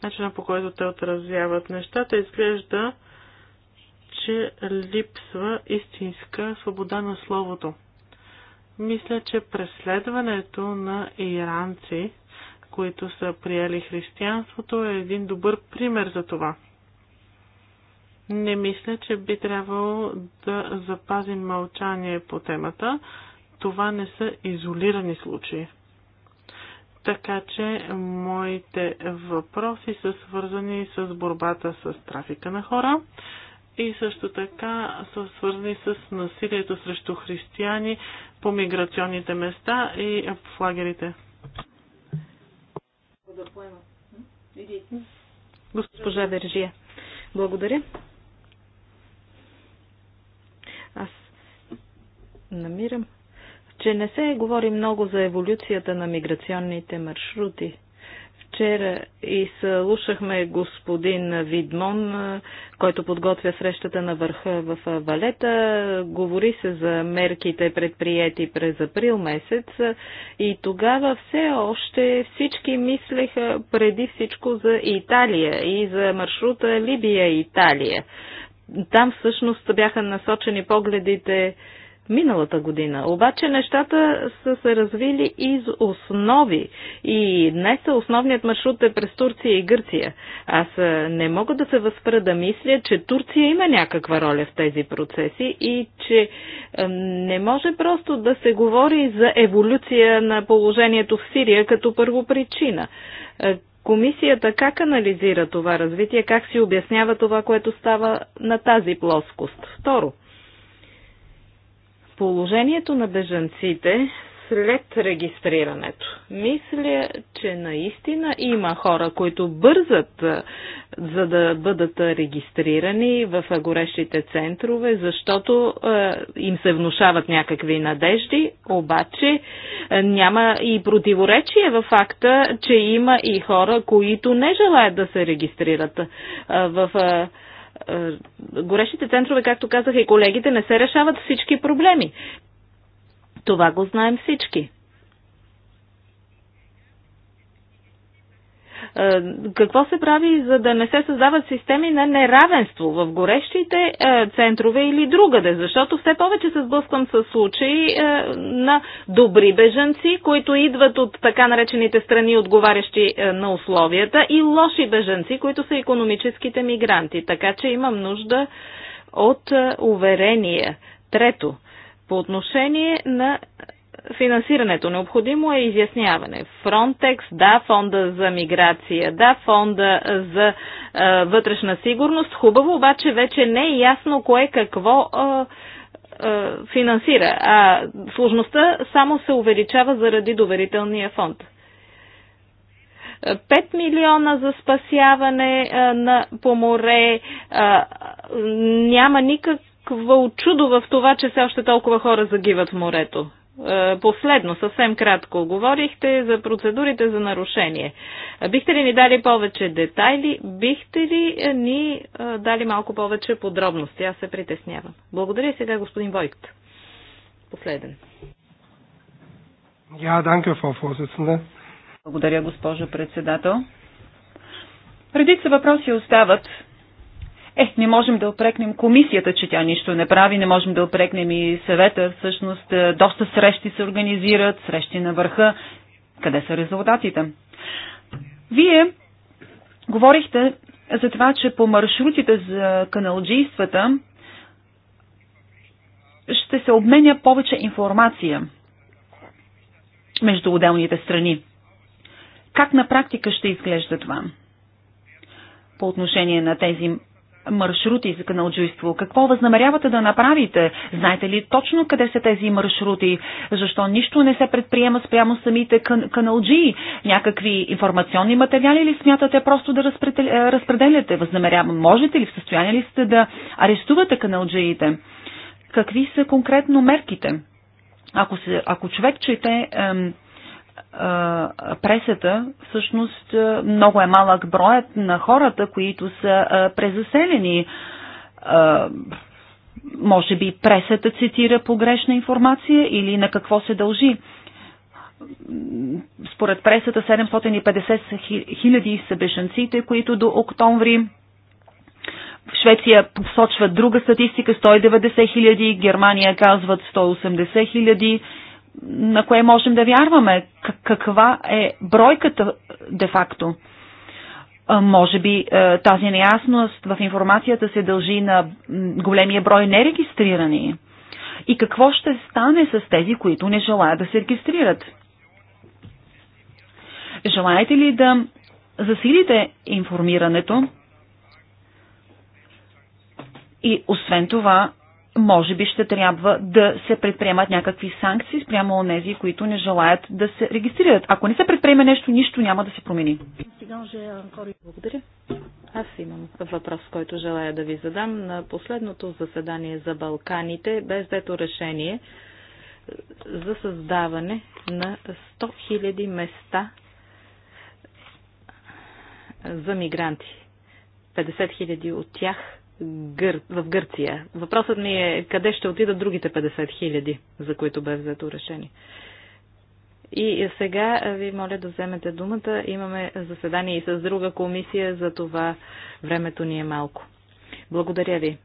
начина по който те отразяват нещата изглежда, че липсва истинска свобода на словото. Мисля, че преследването на иранци, които са приели християнството, е един добър пример за това. Не мисля, че би трябвало да запазим мълчание по темата. Това не са изолирани случаи. Така че моите въпроси са свързани с борбата с трафика на хора и също така са свързани с насилието срещу християни по миграционните места и в лагерите. Госпожа Вержия. Благодаря. намирам, че не се говори много за еволюцията на миграционните маршрути. Вчера и слушахме господин Видмон, който подготвя срещата на върха в Валета. Говори се за мерките предприяти през април месец и тогава все още всички мислеха преди всичко за Италия и за маршрута Либия-Италия. Там всъщност бяха насочени погледите миналата година. Обаче нещата са се развили из основи и днес основният маршрут е през Турция и Гърция. Аз не мога да се възпра да мисля, че Турция има някаква роля в тези процеси и че не може просто да се говори за еволюция на положението в Сирия като първопричина. Комисията как анализира това развитие, как си обяснява това, което става на тази плоскост? Второ, положението на бежанците след регистрирането. Мисля, че наистина има хора, които бързат за да бъдат регистрирани в горещите центрове, защото им се внушават някакви надежди, обаче няма и противоречие в факта, че има и хора, които не желаят да се регистрират. В е, горещите центрове, както казаха и колегите, не се решават всички проблеми. Това го знаем всички. Е, какво се прави, за да не се създават системи на неравенство в горещите е, центрове или другаде? Защото все повече се сблъсквам с случаи е, на добри бежанци, които идват от така наречените страни, отговарящи на условията, и лоши бежанци, които са економическите мигранти. Така че имам нужда от уверение. Трето, по отношение на финансирането. Необходимо е изясняване. Фронтекс, да, фонда за миграция, да, фонда за а, вътрешна сигурност. Хубаво, обаче вече не е ясно кое какво а, а, финансира. А сложността само се увеличава заради доверителния фонд. 5 милиона за спасяване а, на, по море. А, няма никакво чудо в това, че все още толкова хора загиват в морето. Е, последно, съвсем кратко, говорихте за процедурите за нарушение. Бихте ли ни дали повече детайли? Бихте ли е, ни е, дали малко повече подробности? Аз се притеснявам. Благодаря сега, господин Войкт. Последен. Я, данке, Благодаря, госпожо председател. Редица въпроси остават е, не можем да опрекнем комисията, че тя нищо не прави, не можем да опрекнем и съвета. Всъщност, е, доста срещи се организират, срещи на върха. Къде са резултатите? Вие говорихте за това, че по маршрутите за каналджийствата ще се обменя повече информация между отделните страни. Как на практика ще изглежда това? По отношение на тези маршрути за каналджуйство? Какво възнамерявате да направите? Знаете ли точно къде са тези маршрути? Защо нищо не се предприема спрямо самите кан- каналджии? Някакви информационни материали ли смятате просто да разпределяте? Възнамерявам, можете ли в състояние ли сте да арестувате каналджиите? Какви са конкретно мерките? Ако, се, ако човек чете ем, пресата, всъщност много е малък броят на хората, които са презаселени. Може би пресата цитира погрешна информация или на какво се дължи. Според пресата 750 хиляди са бешенците, които до октомври в Швеция посочва друга статистика 190 хиляди, Германия казват 180 хиляди на кое можем да вярваме, каква е бройката де-факто. Може би е, тази неясност в информацията се дължи на големия брой нерегистрирани. И какво ще стане с тези, които не желаят да се регистрират? Желаете ли да засилите информирането? И освен това, може би ще трябва да се предприемат някакви санкции спрямо тези, които не желаят да се регистрират. Ако не се предприеме нещо, нищо няма да се промени. Благодаря. Аз имам въпрос, който желая да ви задам. На последното заседание за Балканите бе взето решение за създаване на 100 000 места за мигранти. 50 000 от тях Гър... в Гърция. Въпросът ми е къде ще отидат другите 50 хиляди, за които бе взето решение. И сега ви моля да вземете думата. Имаме заседание и с друга комисия, за това времето ни е малко. Благодаря ви.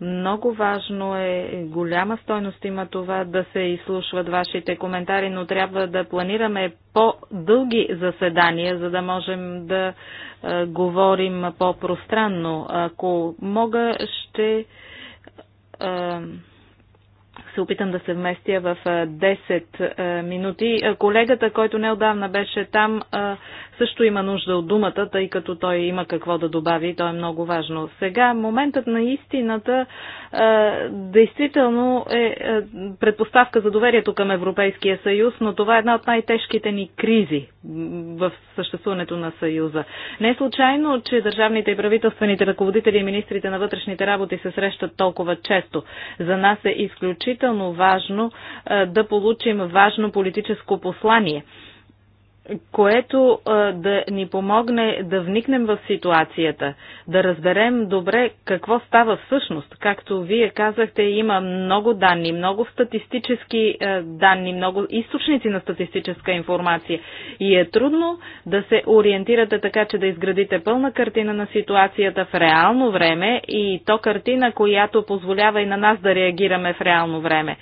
Много важно е, голяма стойност има това да се изслушват вашите коментари, но трябва да планираме по-дълги заседания, за да можем да а, говорим по-пространно. Ако мога, ще. А, се опитам да се вместя в 10 минути. Колегата, който неодавна беше там, също има нужда от думата, тъй като той има какво да добави. То е много важно. Сега моментът на истината действително е предпоставка за доверието към Европейския съюз, но това е една от най-тежките ни кризи в съществуването на съюза. Не е случайно, че държавните и правителствените ръководители и министрите на вътрешните работи се срещат толкова често. За нас е изключително изключително важно да получим важно политическо послание – което да ни помогне да вникнем в ситуацията, да разберем добре какво става всъщност. Както вие казахте, има много данни, много статистически данни, много източници на статистическа информация и е трудно да се ориентирате така, че да изградите пълна картина на ситуацията в реално време и то картина, която позволява и на нас да реагираме в реално време.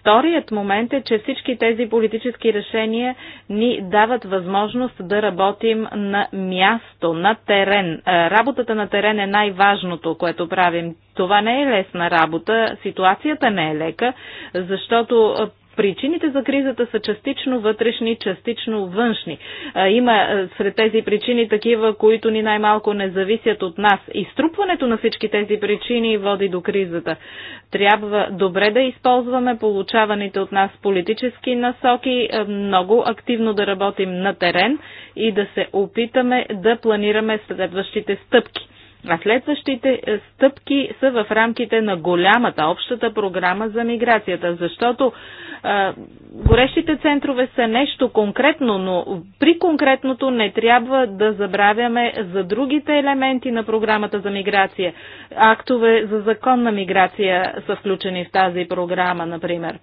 Вторият момент е, че всички тези политически решения ни дават възможност да работим на място, на терен. Е, работата на терен е най-важното, което правим. Това не е лесна работа, ситуацията не е лека, защото е, Причините за кризата са частично вътрешни, частично външни. Има сред тези причини такива, които ни най-малко не зависят от нас. Изтрупването на всички тези причини води до кризата. Трябва добре да използваме получаваните от нас политически насоки, много активно да работим на терен и да се опитаме да планираме следващите стъпки. А следващите е, стъпки са в рамките на голямата общата програма за миграцията, защото а, е, горещите центрове са нещо конкретно, но при конкретното не трябва да забравяме за другите елементи на програмата за миграция. Актове за законна миграция са включени в тази програма, например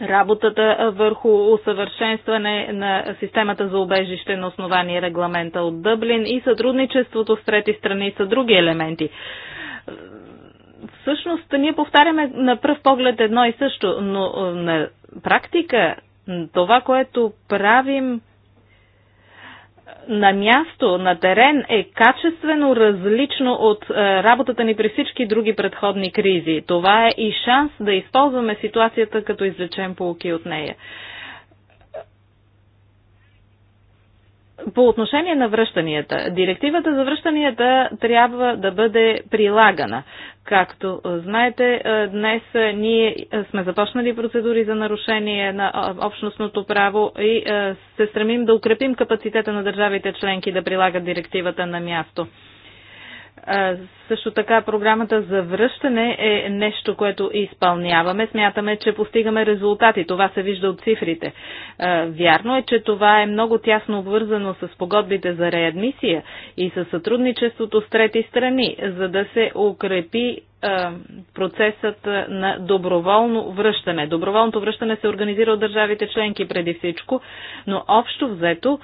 работата върху усъвършенстване на системата за убежище на основание регламента от Дъблин и сътрудничеството с трети страни са други елементи. Всъщност ние повтаряме на пръв поглед едно и също, но на практика това, което правим на място, на терен е качествено различно от е, работата ни при всички други предходни кризи. Това е и шанс да използваме ситуацията, като извлечем полки от нея. По отношение на връщанията, директивата за връщанията трябва да бъде прилагана. Както знаете, е, днес е, ние е, сме започнали процедури за нарушение на общностното право и се стремим да укрепим капацитета на държавите членки да прилагат директивата на място. Също така програмата за връщане е нещо, което изпълняваме. Смятаме, че постигаме резултати. Това се вижда от цифрите. Вярно е, че това е много тясно обвързано с погодбите за реадмисия и с сътрудничеството с трети страни, за да се укрепи процесът на доброволно връщане. Доброволното връщане се организира от държавите членки преди всичко, но общо взето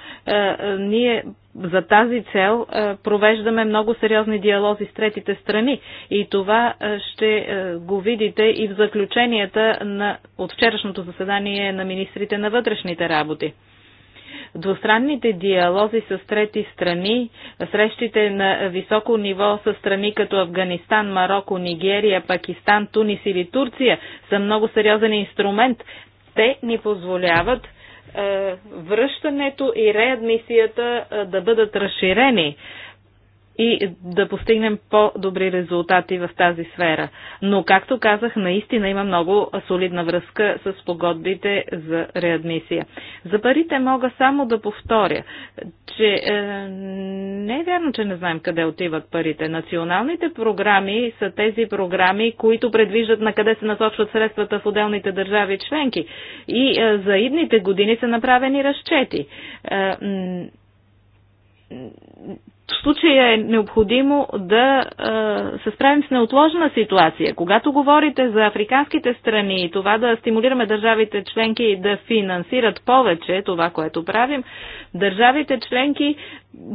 ние за тази цел провеждаме много сериозни диалози с третите страни и това ще го видите и в заключенията на, от вчерашното заседание на министрите на вътрешните работи двустранните диалози с трети страни, срещите на високо ниво с страни като Афганистан, Марокко, Нигерия, Пакистан, Тунис или Турция са много сериозен инструмент. Те ни позволяват е, връщането и реадмисията е, да бъдат разширени и да постигнем по-добри резултати в тази сфера. Но, както казах, наистина има много солидна връзка с погодбите за реадмисия. За парите мога само да повторя, че е, не е вярно, че не знаем къде отиват парите. Националните програми са тези програми, които предвиждат на къде се насочват средствата в отделните държави членки. И е, за идните години са направени разчети. Е, случая е необходимо да се справим с неотложна ситуация. Когато говорите за африканските страни и това да стимулираме държавите членки да финансират повече това, което правим, държавите членки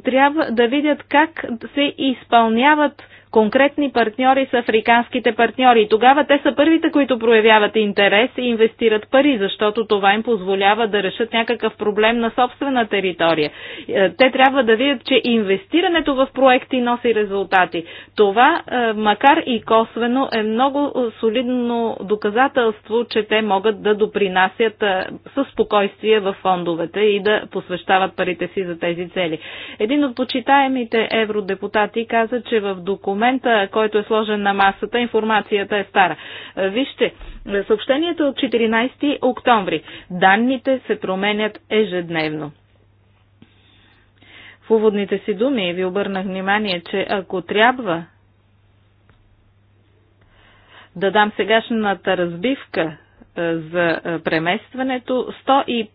трябва да видят как се изпълняват конкретни партньори с африканските партньори. Тогава те са първите, които проявяват интерес и инвестират пари, защото това им позволява да решат някакъв проблем на собствена територия. Е, те трябва да видят, че инвестирането в проекти носи резултати. Това, е, макар и косвено, е много солидно доказателство, че те могат да допринасят е, със спокойствие в фондовете и да посвещават парите си за тези цели. Един от почитаемите евродепутати каза, че в документ документа, който е сложен на масата, информацията е стара. Е, вижте, е, съобщението е от 14 октомври. Данните се променят ежедневно. В уводните си думи ви обърнах внимание, че ако трябва да дам сегашната разбивка за преместването, 105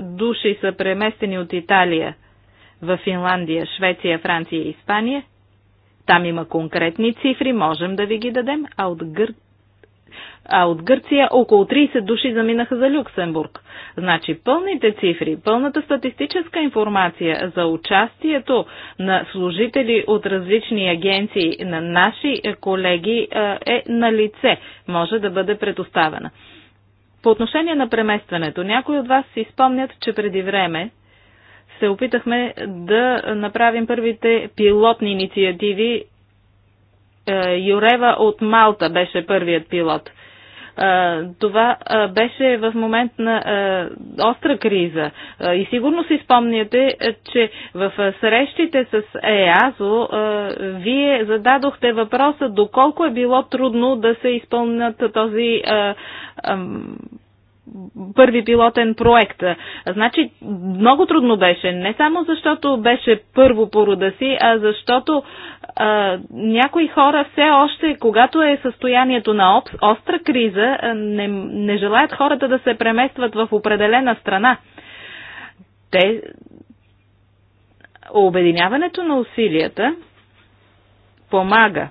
души са преместени от Италия в Финландия, Швеция, Франция и Испания – там има конкретни цифри, можем да ви ги дадем, а от, Гър... а от Гърция около 30 души заминаха за Люксембург. Значи пълните цифри, пълната статистическа информация за участието на служители от различни агенции на наши е, колеги е, е на лице, може да бъде предоставена. По отношение на преместването, някои от вас си спомнят, че преди време се опитахме да направим първите пилотни инициативи. Е, Юрева от Малта беше първият пилот. Е, това е, беше в момент на остра криза. И сигурно си спомняте, че в срещите с ЕАЗО вие зададохте въпроса доколко е било трудно да се изпълнят този първи пилотен проект. Значи, много трудно беше. Не само защото беше първо по рода си, а защото а, някои хора все още, когато е състоянието на об, остра криза, не, не желаят хората да се преместват в определена страна. Те... Обединяването на усилията помага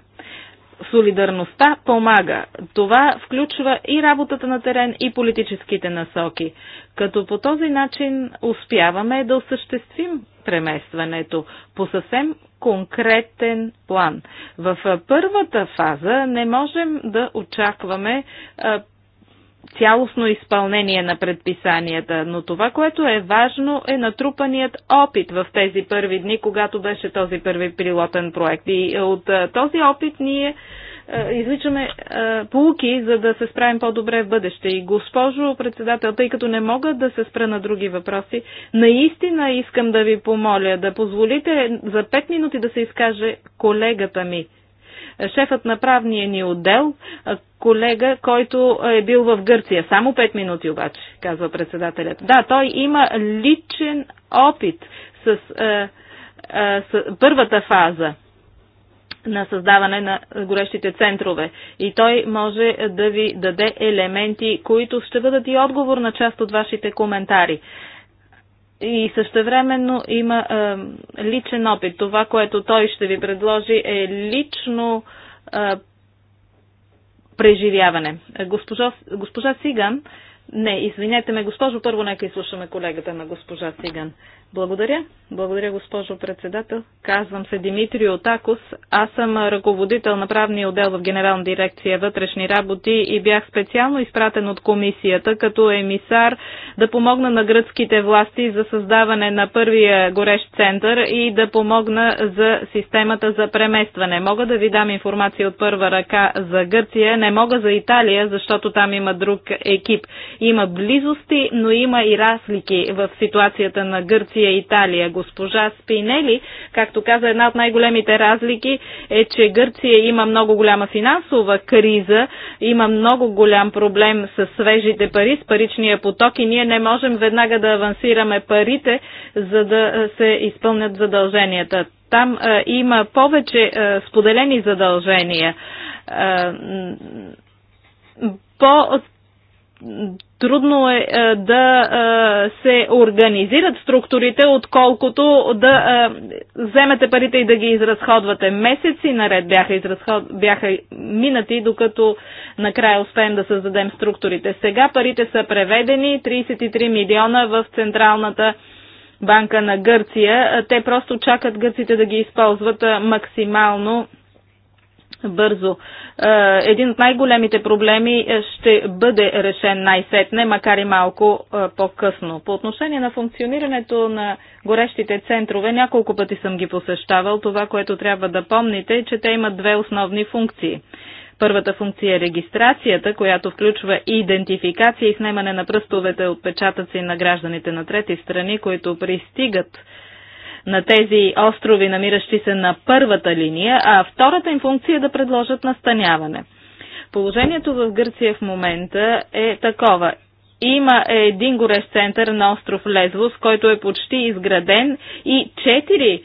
солидарността помага. Това включва и работата на терен, и политическите насоки. Като по този начин успяваме да осъществим преместването по съвсем конкретен план. В първата фаза не можем да очакваме цялостно изпълнение на предписанията, но това, което е важно, е натрупаният опит в тези първи дни, когато беше този първи пилотен проект. И е, от е, този опит ние е, изличаме полуки, за да се справим по-добре в бъдеще. И госпожо председател, тъй като не мога да се спра на други въпроси, наистина искам да ви помоля да позволите за 5 минути да се изкаже колегата ми шефът на правния ни отдел, колега, който е бил в Гърция. Само 5 минути обаче, казва председателят. Да, той има личен опит с, е, е, с първата фаза на създаване на горещите центрове. И той може да ви даде елементи, които ще бъдат и отговор на част от вашите коментари и същевременно има а, е, личен опит. Това, което той ще ви предложи е лично а, е, преживяване. Госпожа, госпожа Сиган не, извинете ме, госпожо, първо нека изслушаме колегата на госпожа Циган. Благодаря. Благодаря, госпожо председател. Казвам се Димитрио Такос. Аз съм ръководител на правния отдел в Генерална дирекция вътрешни работи и бях специално изпратен от комисията като емисар да помогна на гръцките власти за създаване на първия горещ център и да помогна за системата за преместване. Мога да ви дам информация от първа ръка за Гърция, не мога за Италия, защото там има друг екип. Има близости, но има и разлики в ситуацията на Гърция и Италия. Госпожа Спинели, както каза, една от най-големите разлики е, че Гърция има много голяма финансова криза, има много голям проблем с свежите пари, с паричния поток и ние не можем веднага да авансираме парите, за да се изпълнят задълженията. Там а, има повече а, споделени задължения. А, по трудно е, е да е, се организират структурите, отколкото да е, вземете парите и да ги изразходвате. Месеци наред бяха, изразход... бяха минати, докато накрая успеем да създадем структурите. Сега парите са преведени 33 милиона в Централната банка на Гърция. Те просто чакат гърците да ги използват максимално бързо. Е, един от най-големите проблеми е, ще бъде решен най-сетне, макар и малко е, по-късно. По отношение на функционирането на горещите центрове, няколко пъти съм ги посещавал. Това, което трябва да помните е, че те имат две основни функции. Първата функция е регистрацията, която включва и идентификация и снимане на пръстовете отпечатъци на гражданите на трети страни, които пристигат на тези острови, намиращи се на първата линия, а втората им функция е да предложат настаняване. Положението в Гърция в момента е такова. Има един горещ център на остров Лезвос, който е почти изграден и четири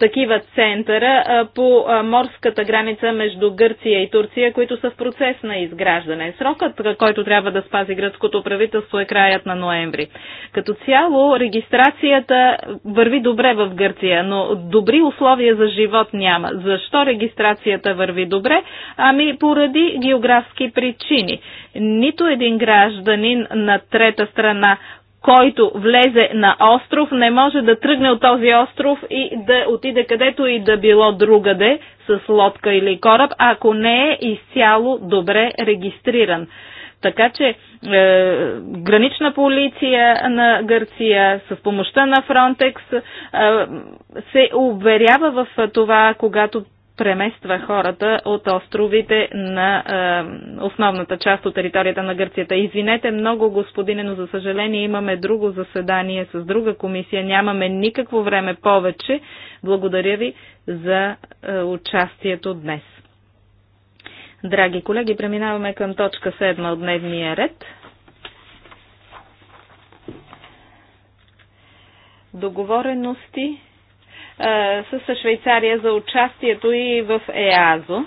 такива центъра по морската граница между Гърция и Турция, които са в процес на изграждане. Срокът, който трябва да спази гръцкото правителство е краят на ноември. Като цяло регистрацията върви добре в Гърция, но добри условия за живот няма. Защо регистрацията върви добре? Ами поради географски причини. Нито един гражданин на трета страна, който влезе на остров, не може да тръгне от този остров и да отиде където и да било другаде с лодка или кораб, ако не е изцяло добре регистриран. Така че е, гранична полиция на Гърция с помощта на Фронтекс е, се уверява в това, когато премества хората от островите на е, основната част от територията на Гърцията. Извинете много, господине, но за съжаление имаме друго заседание с друга комисия. Нямаме никакво време повече. Благодаря ви за е, участието днес. Драги колеги, преминаваме към точка 7 от дневния ред. Договорености с Швейцария за участието и в ЕАЗО.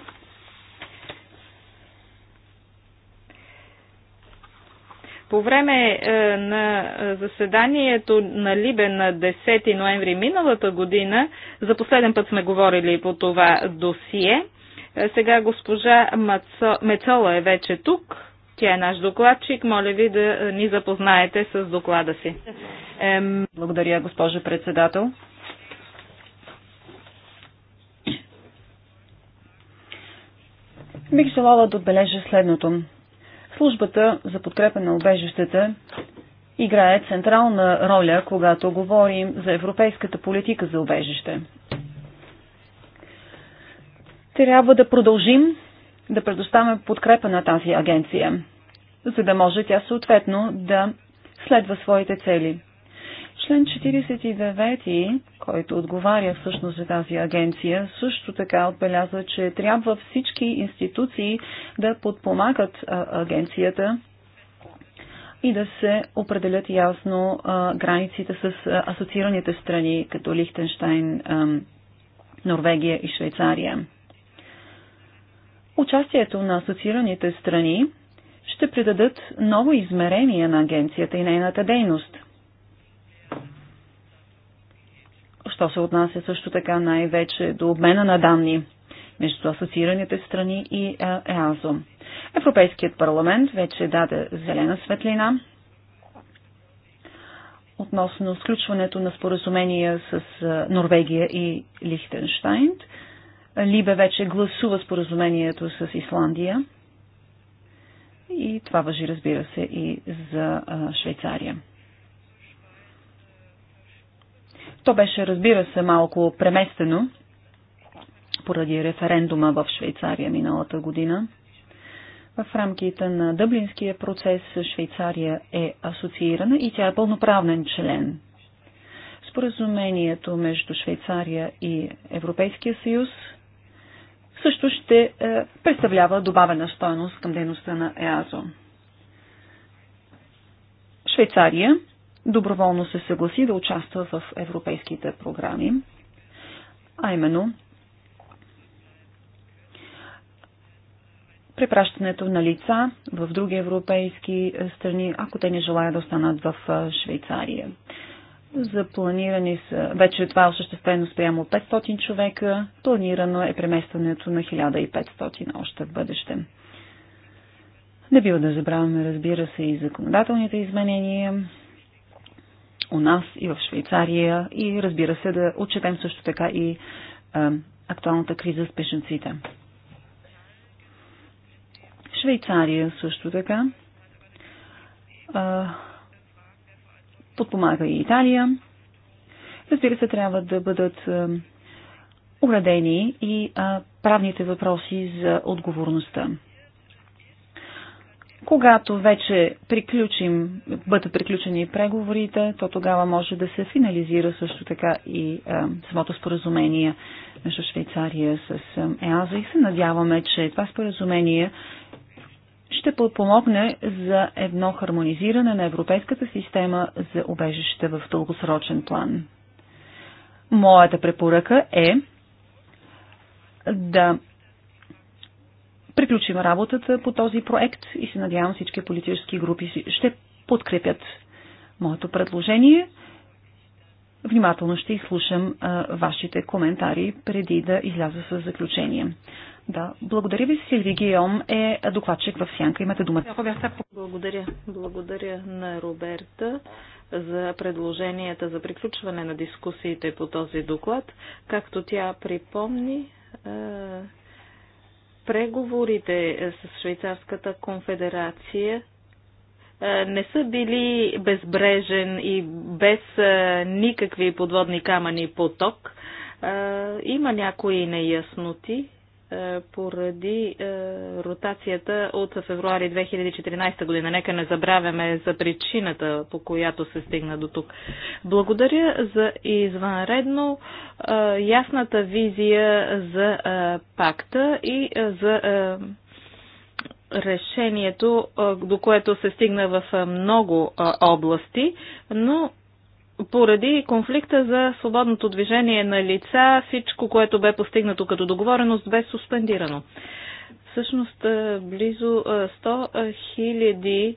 По време е, на заседанието на Либе на 10 ноември миналата година, за последен път сме говорили по това досие. Е, сега госпожа Мецола е вече тук. Тя е наш докладчик. Моля ви да ни запознаете с доклада си. Благодаря, госпожо председател. бих желала да отбележа следното. Службата за подкрепа на убежищата играе централна роля, когато говорим за европейската политика за убежище. Трябва да продължим да предоставяме подкрепа на тази агенция, за да може тя съответно да следва своите цели. Член 49, който отговаря всъщност за тази агенция, също така отбелязва, че трябва всички институции да подпомагат агенцията и да се определят ясно границите с асоциираните страни, като Лихтенштайн, Норвегия и Швейцария. Участието на асоциираните страни ще придадат ново измерение на агенцията и нейната дейност. що се отнася също така най-вече до обмена на данни между асоциираните страни и ЕАЗО. Европейският парламент вече даде зелена светлина относно сключването на споразумения с Норвегия и Лихтенштайн. Либе вече гласува споразумението с Исландия. И това въжи, разбира се, и за Швейцария. То беше, разбира се, малко преместено поради референдума в Швейцария миналата година. В рамките на Дъблинския процес Швейцария е асоциирана и тя е пълноправен член. Споразумението между Швейцария и Европейския съюз също ще е, представлява добавена стоеност към дейността на ЕАЗО. Швейцария доброволно се съгласи да участва в европейските програми, а именно препращането на лица в други европейски страни, ако те не желаят да останат в Швейцария. За планирани са, вече това е осъществено спрямо 500 човека, планирано е преместването на 1500 още в бъдеще. Не бива да забравяме, разбира се, и законодателните изменения, у нас и в Швейцария и разбира се да отчетем също така и а, актуалната криза с пешенците. Швейцария също така а, подпомага и Италия. Разбира се, трябва да бъдат уредени и а, правните въпроси за отговорността. Когато вече приключим, бъдат приключени преговорите, то тогава може да се финализира също така и е, самото споразумение между Швейцария с ЕАЗа и се надяваме, че това споразумение ще помогне за едно хармонизиране на европейската система за убежище в дългосрочен план. Моята препоръка е да приключим работата по този проект и се надявам всички политически групи ще подкрепят моето предложение. Внимателно ще изслушам а, вашите коментари преди да изляза с заключение. Да, благодаря ви. Силви Гийом е докладчик в Сянка. Имате думата. Благодаря. Благодаря на Роберта за предложенията за приключване на дискусиите по този доклад. Както тя припомни, преговорите е, с Швейцарската конфедерация е, не са били безбрежен и без е, никакви подводни камъни поток. Има някои неясноти, е, поради е, ротацията от февруари 2014 година. Нека не забравяме за причината, по която се стигна до тук. Благодаря за извънредно е, ясната визия за пакта и за решението, до което се стигна в много области, но поради конфликта за свободното движение на лица, всичко, което бе постигнато като договореност, бе суспендирано. Всъщност, близо 100 хиляди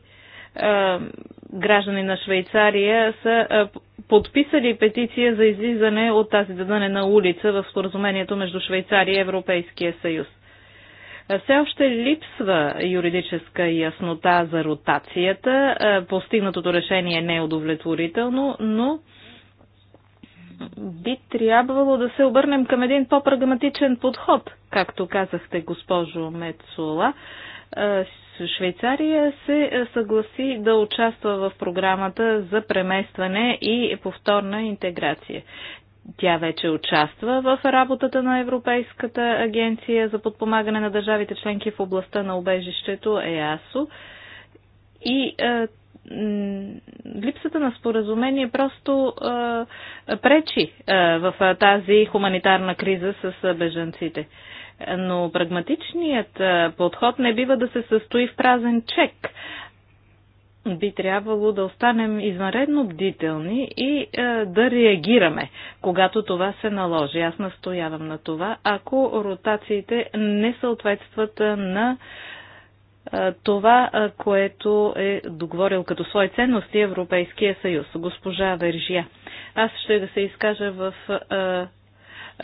граждани на Швейцария са подписали петиция за излизане от тази на улица в споразумението между Швейцария и Европейския съюз. Все още липсва юридическа яснота за ротацията. Е, постигнатото решение не е удовлетворително, но би трябвало да се обърнем към един по-прагматичен подход, както казахте, госпожо Мецула. Е, Швейцария се съгласи да участва в програмата за преместване и повторна интеграция. Тя вече участва в работата на Европейската агенция за подпомагане на държавите членки в областта на убежището ЕАСО. И е, липсата на споразумение просто е, пречи е, в тази хуманитарна криза с е, бежанците. Но прагматичният е, подход не бива да се състои в празен чек. Е, би трябвало да останем извънредно бдителни и е, да реагираме, когато това се наложи. Аз настоявам на това, ако ротациите не съответстват е, на е, това, е, което е договорил като свои ценности Европейския съюз. Госпожа Вержия, аз ще да се изкажа в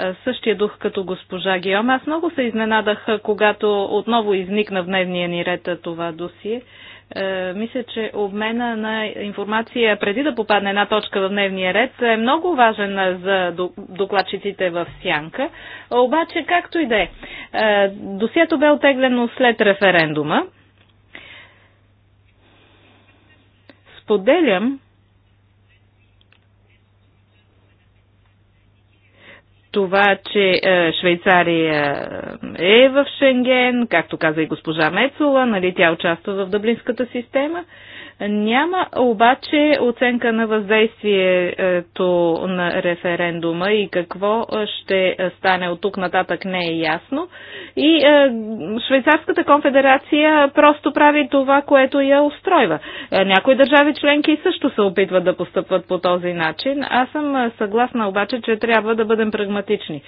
е, е същия дух като госпожа Геома. Аз много се изненадах, когато отново изникна в дневния ни ред това досие. Е, мисля, че обмена на информация преди да попадне една точка в дневния ред е много важен за докладчиците в Сянка. Обаче, както и да е, е досието бе отеглено след референдума. Споделям това, че е, Швейцария е, е в Шенген, както каза и госпожа Мецола, нали, тя участва в дъблинската система. Няма обаче оценка на въздействието на референдума и какво ще стане от тук нататък не е ясно. И Швейцарската конфедерация просто прави това, което я устройва. Някои държави членки също се опитват да постъпват по този начин. Аз съм съгласна обаче, че трябва да бъдем прагматични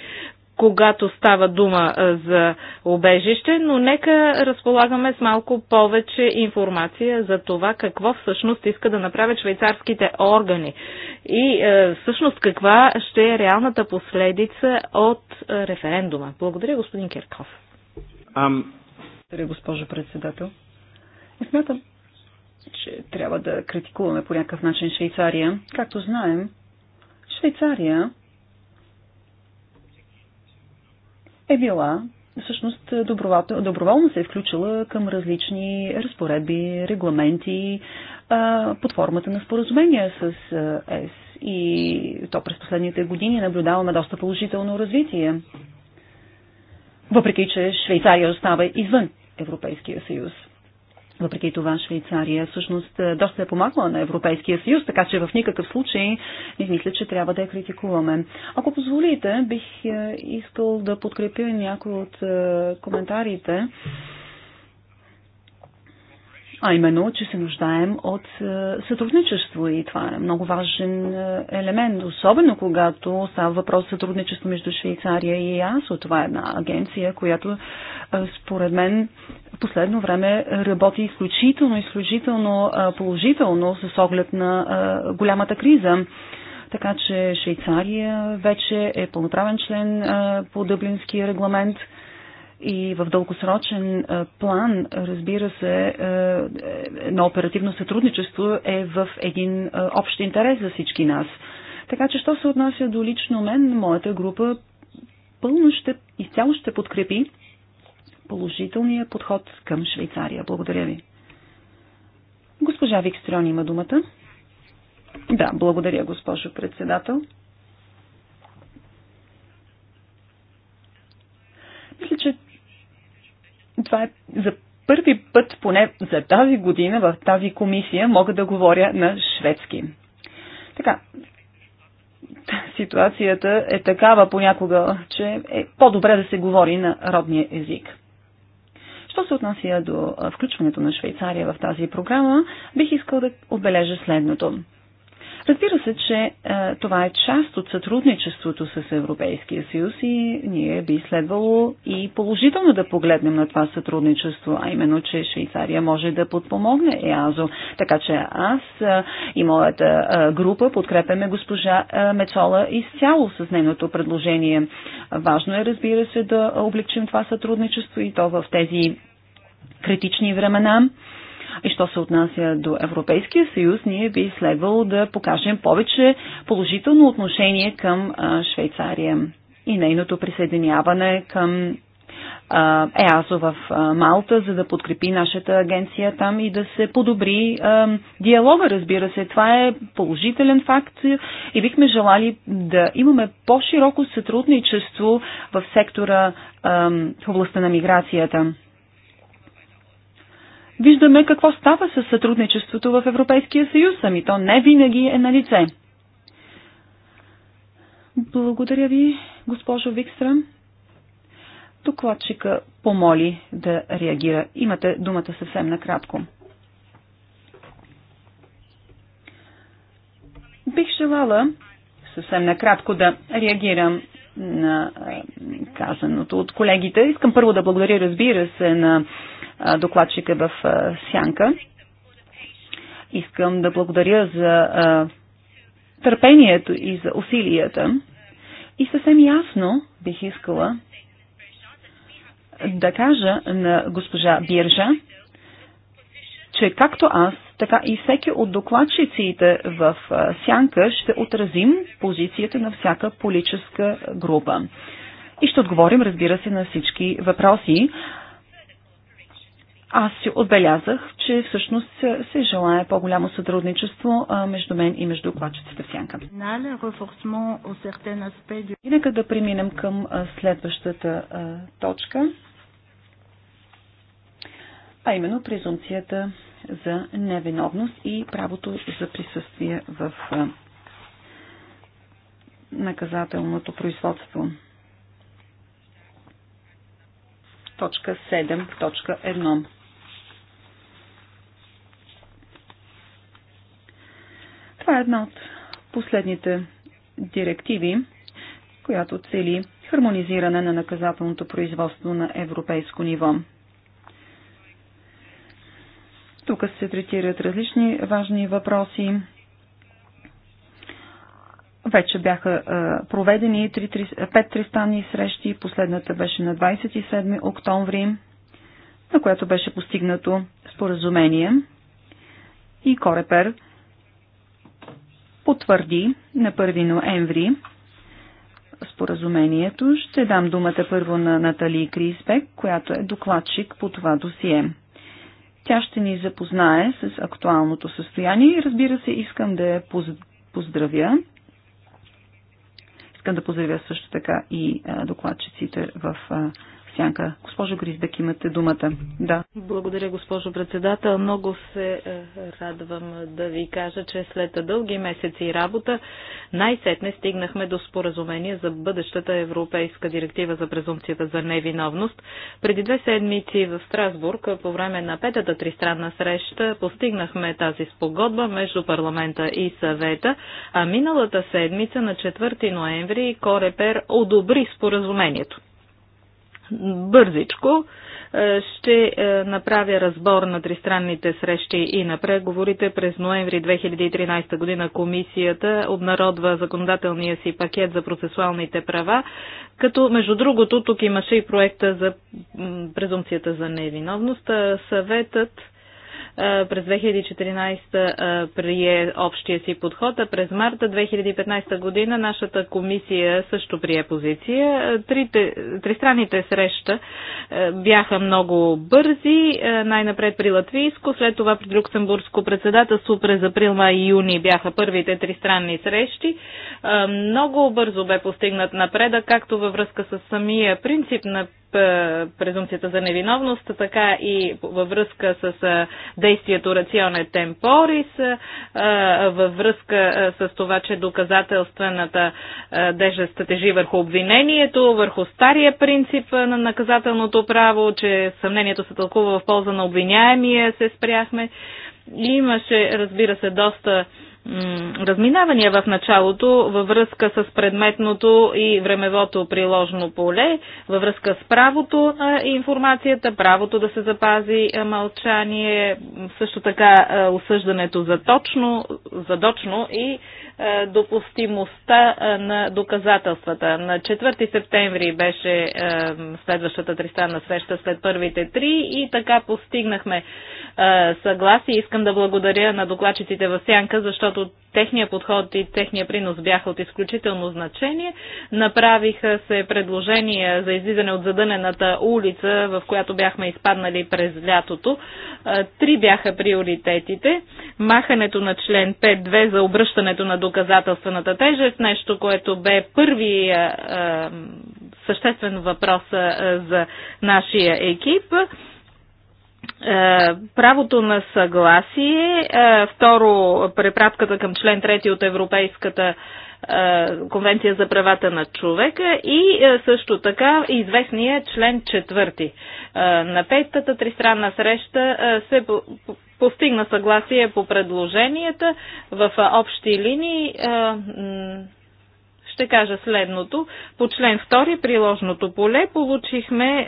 когато става дума за обежище, но нека разполагаме с малко повече информация за това какво всъщност иска да направят швейцарските органи и всъщност каква ще е реалната последица от референдума. Благодаря, господин Кирков. Ам... Благодаря, госпожо председател. И смятам, че трябва да критикуваме по някакъв начин Швейцария. Както знаем, Швейцария е била всъщност доброволно, доброволно се е включила към различни разпоредби, регламенти а, под формата на споразумения с ЕС. И то през последните години наблюдаваме доста положително развитие. Въпреки, че Швейцария остава извън Европейския съюз. Въпреки това Швейцария всъщност е, доста е помагала на Европейския съюз, така че в никакъв случай не мисля, че трябва да я критикуваме. Ако позволите, бих е, искал да подкрепя някои от е, коментарите а именно, че се нуждаем от е, сътрудничество и това е много важен е, елемент, особено когато става въпрос за сътрудничество между Швейцария и ЕАСО. Това е една агенция, която е, според мен в последно време работи изключително, изключително положително с оглед на голямата криза. Така че Швейцария вече е пълноправен член по Дъблинския регламент – и в дългосрочен план, разбира се, на оперативно сътрудничество е в един общ интерес за всички нас. Така че, що се отнася до лично мен, моята група пълно ще, изцяло ще подкрепи положителния подход към Швейцария. Благодаря ви. Госпожа Викстрион има думата. Да, благодаря, госпожо председател. Мисля, че това е за първи път, поне за тази година, в тази комисия мога да говоря на шведски. Така, ситуацията е такава понякога, че е по-добре да се говори на родния език. Що се отнася до включването на Швейцария в тази програма, бих искал да отбележа следното. Разбира се, че е, това е част от сътрудничеството с Европейския съюз и ние би следвало и положително да погледнем на това сътрудничество, а именно, че Швейцария може да подпомогне ЕАЗО. Така че аз е, и моята е, група подкрепяме госпожа е, Мецола изцяло с нейното предложение. Важно е, разбира се, да облегчим това сътрудничество и то в тези критични времена. И що се отнася до Европейския съюз, ние би следвало да покажем повече положително отношение към Швейцария и нейното присъединяване към ЕАЗо в Малта, за да подкрепи нашата агенция там и да се подобри диалога, разбира се. Това е положителен факт и бихме желали да имаме по-широко сътрудничество в сектора в областта на миграцията виждаме какво става с сътрудничеството в Европейския съюз, ами то не винаги е на лице. Благодаря ви, госпожо Викстрам. Докладчика помоли да реагира. Имате думата съвсем накратко. Бих желала съвсем накратко да реагирам на е, казаното от колегите. Искам първо да благодаря, разбира се, на докладчика в Сянка. Искам да благодаря за търпението и за усилията. И съвсем ясно бих искала да кажа на госпожа Биржа, че както аз, така и всеки от докладчиците в Сянка ще отразим позицията на всяка политическа група. И ще отговорим, разбира се, на всички въпроси. Аз си отбелязах, че всъщност се желая по-голямо сътрудничество между мен и между докладчиците в сянка. И нека да преминем към следващата точка, а именно презумцията за невиновност и правото за присъствие в наказателното производство. Точка 7.1 е една от последните директиви, която цели хармонизиране на наказателното производство на европейско ниво. Тук се третират различни важни въпроси. Вече бяха проведени 5 тристанни срещи. Последната беше на 27 октомври, на която беше постигнато споразумение. И Корепер – потвърди на 1 ноември споразумението. Ще дам думата първо на Натали Крисбек, която е докладчик по това досие. Тя ще ни запознае с актуалното състояние и разбира се искам да я поздравя. Искам да поздравя също така и докладчиците в сянка. Госпожо Гриздък, имате думата. Да. Благодаря, госпожо председател. Много се е, радвам да ви кажа, че след дълги месеци работа най-сетне стигнахме до споразумение за бъдещата Европейска директива за презумпцията за невиновност. Преди две седмици в Страсбург, по време на петата тристранна среща, постигнахме тази спогодба между парламента и съвета, а миналата седмица на 4 ноември Корепер одобри споразумението бързичко е, ще е, направя разбор на тристранните срещи и на преговорите. През ноември 2013 година комисията обнародва законодателния си пакет за процесуалните права, като между другото тук имаше и проекта за презумцията за невиновност. Е, съветът през 2014 прие общия си подход, а през марта 2015 година нашата комисия също прие позиция. Трите, тристранните среща бяха много бързи, най-напред при Латвийско, след това при Люксембургско председателство през април, май и юни бяха първите тристранни срещи. Много бързо бе постигнат напредък, както във връзка с самия принцип на презумцията за невиновност, така и във връзка с действието рационе темпорис, във връзка с това, че доказателствената дежест тежи върху обвинението, върху стария принцип на наказателното право, че съмнението се тълкува в полза на обвиняемия, се спряхме. Имаше, разбира се, доста разминавания в началото във връзка с предметното и времевото приложно поле, във връзка с правото на информацията, правото да се запази мълчание, също така осъждането за точно, дочно и допустимостта на доказателствата. На 4 септември беше следващата тристанна среща след първите три и така постигнахме съгласие. Искам да благодаря на докладчиците в Сянка, защото когато техния подход и техния принос бяха от изключително значение. Направиха се предложения за излизане от задънената улица, в която бяхме изпаднали през лятото. Три бяха приоритетите. Махането на член 5.2 за обръщането на доказателствената тежест, нещо, което бе първи съществен въпрос за нашия екип. Е, правото на съгласие, е, второ препратката към член 3 от Европейската е, конвенция за правата на човека и също така известния член 4. На петата тристранна среща се постигна съгласие по предложенията в общи линии ще кажа следното. По член 2 приложното поле получихме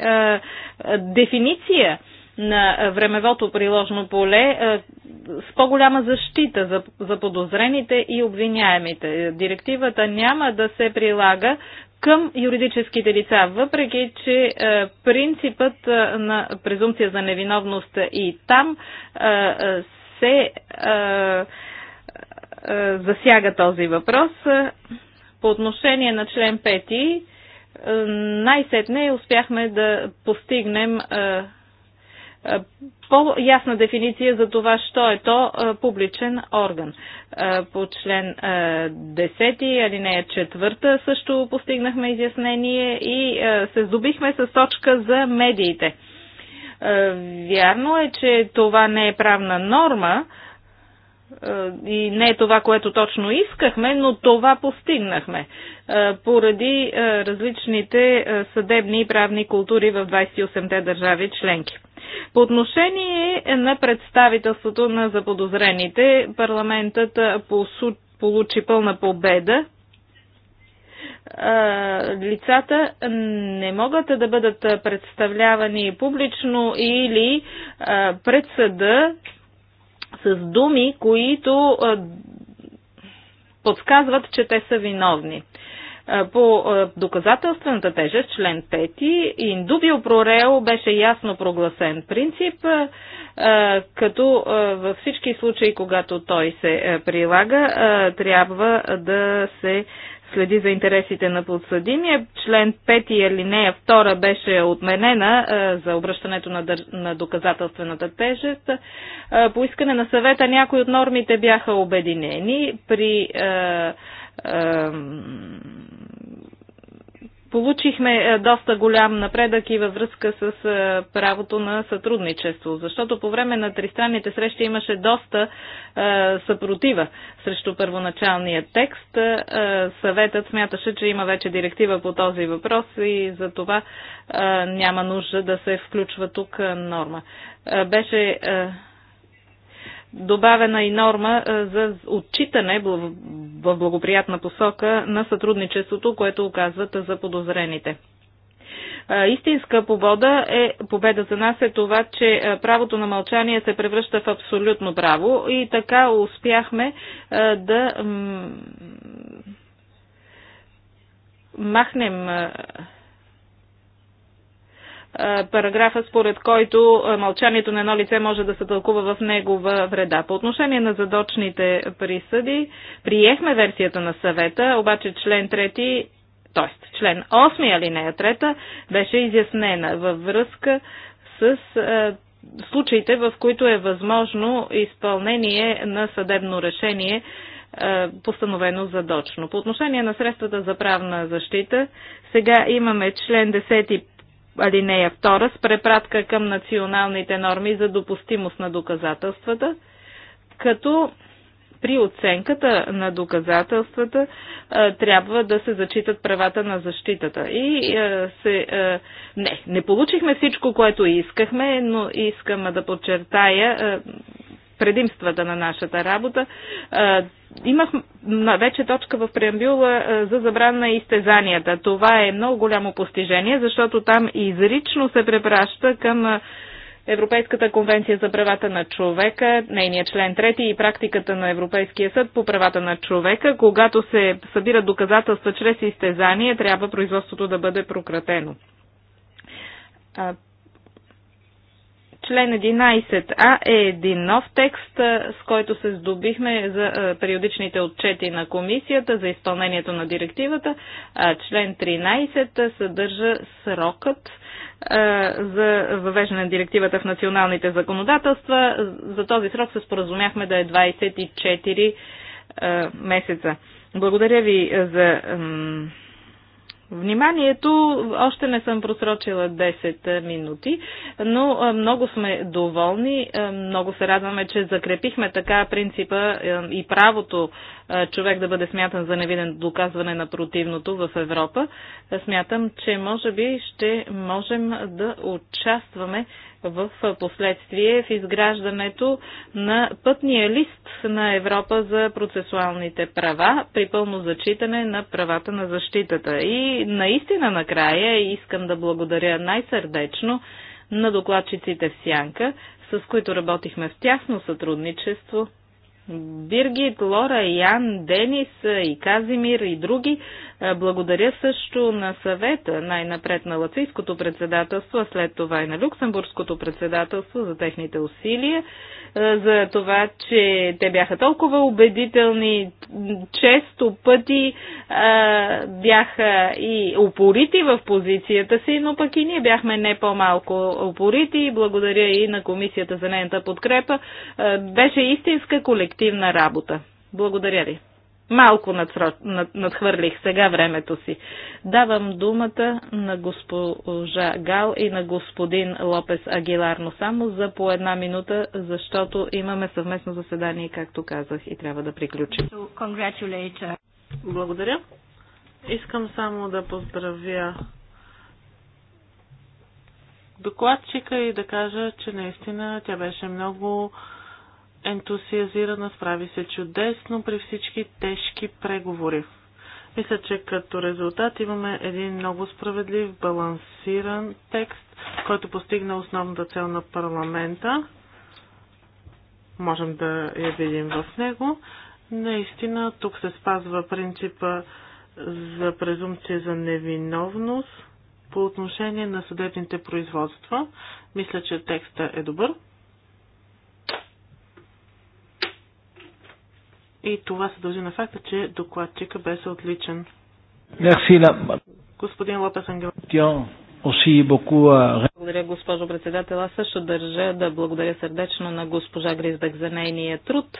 дефиниция на времевото приложно поле е, с по-голяма защита за, за подозрените и обвиняемите. Директивата няма да се прилага към юридическите лица, въпреки че е, принципът е, на презумпция за невиновност и там се засяга този въпрос. По отношение на член 5 най-сетне успяхме да постигнем е, по-ясна дефиниция за това, що е то е, публичен орган. Е, по член 10, алинея 4 също постигнахме изяснение и се здобихме с точка за медиите. Вярно е, че това не е правна норма, е, и не е това, което точно искахме, но това постигнахме е, поради е, различните съдебни и правни култури в 28-те държави членки. По отношение на представителството на заподозрените, парламентът получи пълна победа. Лицата не могат да бъдат представлявани публично или пред съда с думи, които подсказват, че те са виновни. По доказателствената тежест, член 5, индубио прорео беше ясно прогласен принцип, като във всички случаи, когато той се прилага, трябва да се следи за интересите на подсъдимия. Член 5 алинея 2 беше отменена е, за обръщането на, дър... на доказателствената тежест. Е, по искане на съвета някои от нормите бяха обединени. При е, Получихме е, доста голям напредък и във връзка с е, правото на сътрудничество, защото по време на тристранните срещи имаше доста е, съпротива срещу първоначалния текст. Съветът смяташе, че има вече директива по този въпрос и за това няма нужда да се включва тук норма. Беше добавена и норма за отчитане в благоприятна посока на сътрудничеството, което оказват за подозрените. Истинска побода е, победа за нас е това, че правото на мълчание се превръща в абсолютно право и така успяхме да махнем е, параграфа, според който е, мълчанието на едно лице може да се тълкува в негова вреда. По отношение на задочните присъди, приехме версията на съвета, обаче член 3 т.е. член 8 алинея 3 беше изяснена във връзка с е, случаите, в които е възможно изпълнение на съдебно решение е, постановено задочно. По отношение на средствата за правна защита, сега имаме член 10 алинея 2 с препратка към националните норми за допустимост на доказателствата, като при оценката на доказателствата трябва да се зачитат правата на защитата. И се, не, не получихме всичко, което искахме, но искам да подчертая предимствата на нашата работа. Имах вече точка в преамбюла за забрана на изтезанията. Това е много голямо постижение, защото там изрично се препраща към Европейската конвенция за правата на човека, нейният член 3 и практиката на Европейския съд по правата на човека, когато се събират доказателства чрез изтезание, трябва производството да бъде прократено. Член 11а е един нов текст, с който се здобихме за периодичните отчети на комисията за изпълнението на директивата. Член 13 съдържа срокът за въвеждане на директивата в националните законодателства. За този срок се споразумяхме да е 24 месеца. Благодаря ви за вниманието. Още не съм просрочила 10 минути, но много сме доволни. Много се радваме, че закрепихме така принципа и правото човек да бъде смятан за невинен доказване на противното в Европа. Смятам, че може би ще можем да участваме в последствие в изграждането на пътния лист на Европа за процесуалните права при пълно зачитане на правата на защитата. И наистина накрая искам да благодаря най-сърдечно на докладчиците в Сянка, с които работихме в тясно сътрудничество Биргит, Лора, Ян, Денис и Казимир и други. Благодаря също на съвета, най-напред на Лацийското председателство, а след това и на Люксембургското председателство за техните усилия за това, че те бяха толкова убедителни, често пъти а, бяха и упорити в позицията си, но пък и ние бяхме не по-малко упорити. Благодаря и на комисията за нейната подкрепа. А, беше истинска колективна работа. Благодаря ви. Малко надхвърлих сега времето си. Давам думата на госпожа Гал и на господин Лопес Агиларно само за по една минута, защото имаме съвместно заседание, както казах, и трябва да приключим. Благодаря. Искам само да поздравя докладчика и да кажа, че наистина тя беше много ентусиазирана, справи се чудесно при всички тежки преговори. Мисля, че като резултат имаме един много справедлив, балансиран текст, който постигна основната цел на парламента. Можем да я видим в него. Наистина, тук се спазва принципа за презумпция за невиновност по отношение на съдебните производства. Мисля, че текста е добър. И това се дължи на факта, че докладчика беше отличен. Господин Лопес Ангел. Благодаря, госпожо председател. Аз също държа да благодаря сърдечно на госпожа Гризбек за нейния труд.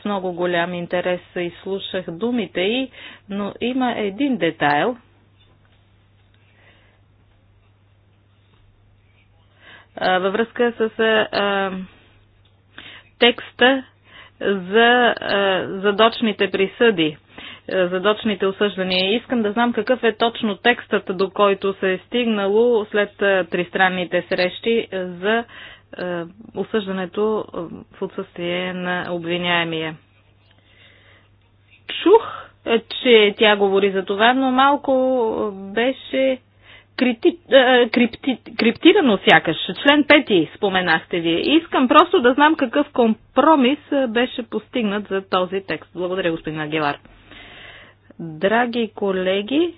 С много голям интерес изслушах думите й, но има един детайл, във връзка с а, текста за е, задочните присъди, е, задочните осъждания. Искам да знам какъв е точно текстът, до който се е стигнало след е, тристранните срещи за осъждането в отсъствие на обвиняемия. Чух, че тя говори за това, но малко беше крити, е, крипти, криптирано сякаш. Член 5 споменахте вие. Искам просто да знам какъв компромис е, беше постигнат за този текст. Благодаря, господин Агелар. Драги колеги,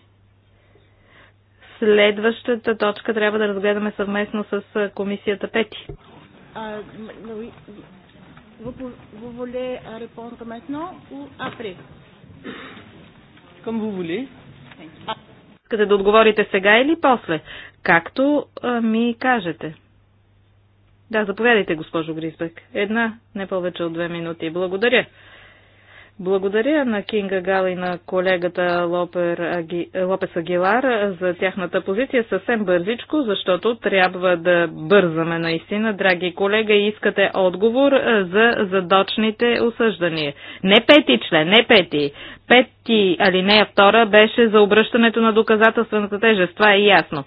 следващата точка трябва да разгледаме съвместно с е, комисията 5. А, vous voulez répondre maintenant ou après Comme vous voulez. Thank you. Искате да отговорите сега или после? Както а, ми кажете. Да, заповядайте, госпожо Гризбек. Една, не повече от две минути. Благодаря. Благодаря на Кинга Гал и на колегата Лопер Аги... Лопес Агилар за тяхната позиция съвсем бързичко, защото трябва да бързаме наистина, драги колега, и искате отговор за задочните осъждания. Не пети член, не пети. Пети алинея втора беше за обръщането на доказателствената тежест, това е ясно.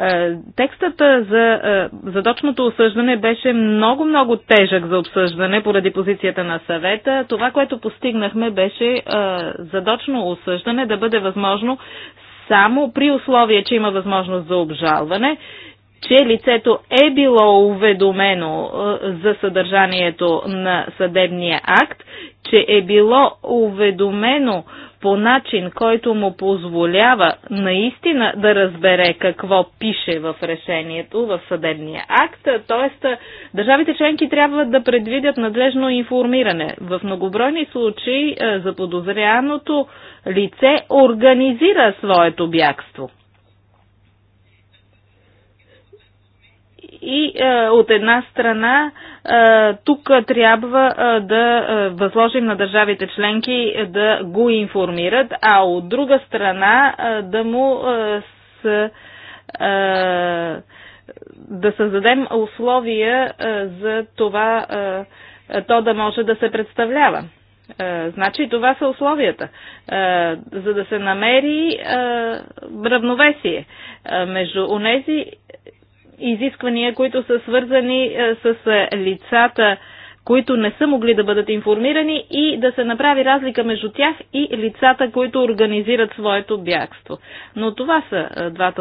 Е, Текстът за е, задочното осъждане беше много-много тежък за обсъждане поради позицията на съвета. Това, което постигнахме беше е, задочно осъждане да бъде възможно само при условие, че има възможност за обжалване че лицето е било уведомено за съдържанието на съдебния акт, че е било уведомено по начин, който му позволява наистина да разбере какво пише в решението, в съдебния акт. Тоест, държавите членки трябва да предвидят надлежно информиране. В многобройни случаи е, заподозряното лице организира своето бягство. И е, от една страна, е, тук трябва е, да е, възложим на държавите членки е, да го информират, а от друга страна е, да му е, с. Е, да създадем условия е, за това е, е то да може да се представлява. Е, значи това са условията, е, за да се намери равновесие между онези изисквания, които са свързани е, с е, лицата, които не са могли да бъдат информирани и да се направи разлика между тях и лицата, които организират своето бягство. Но това са е, двата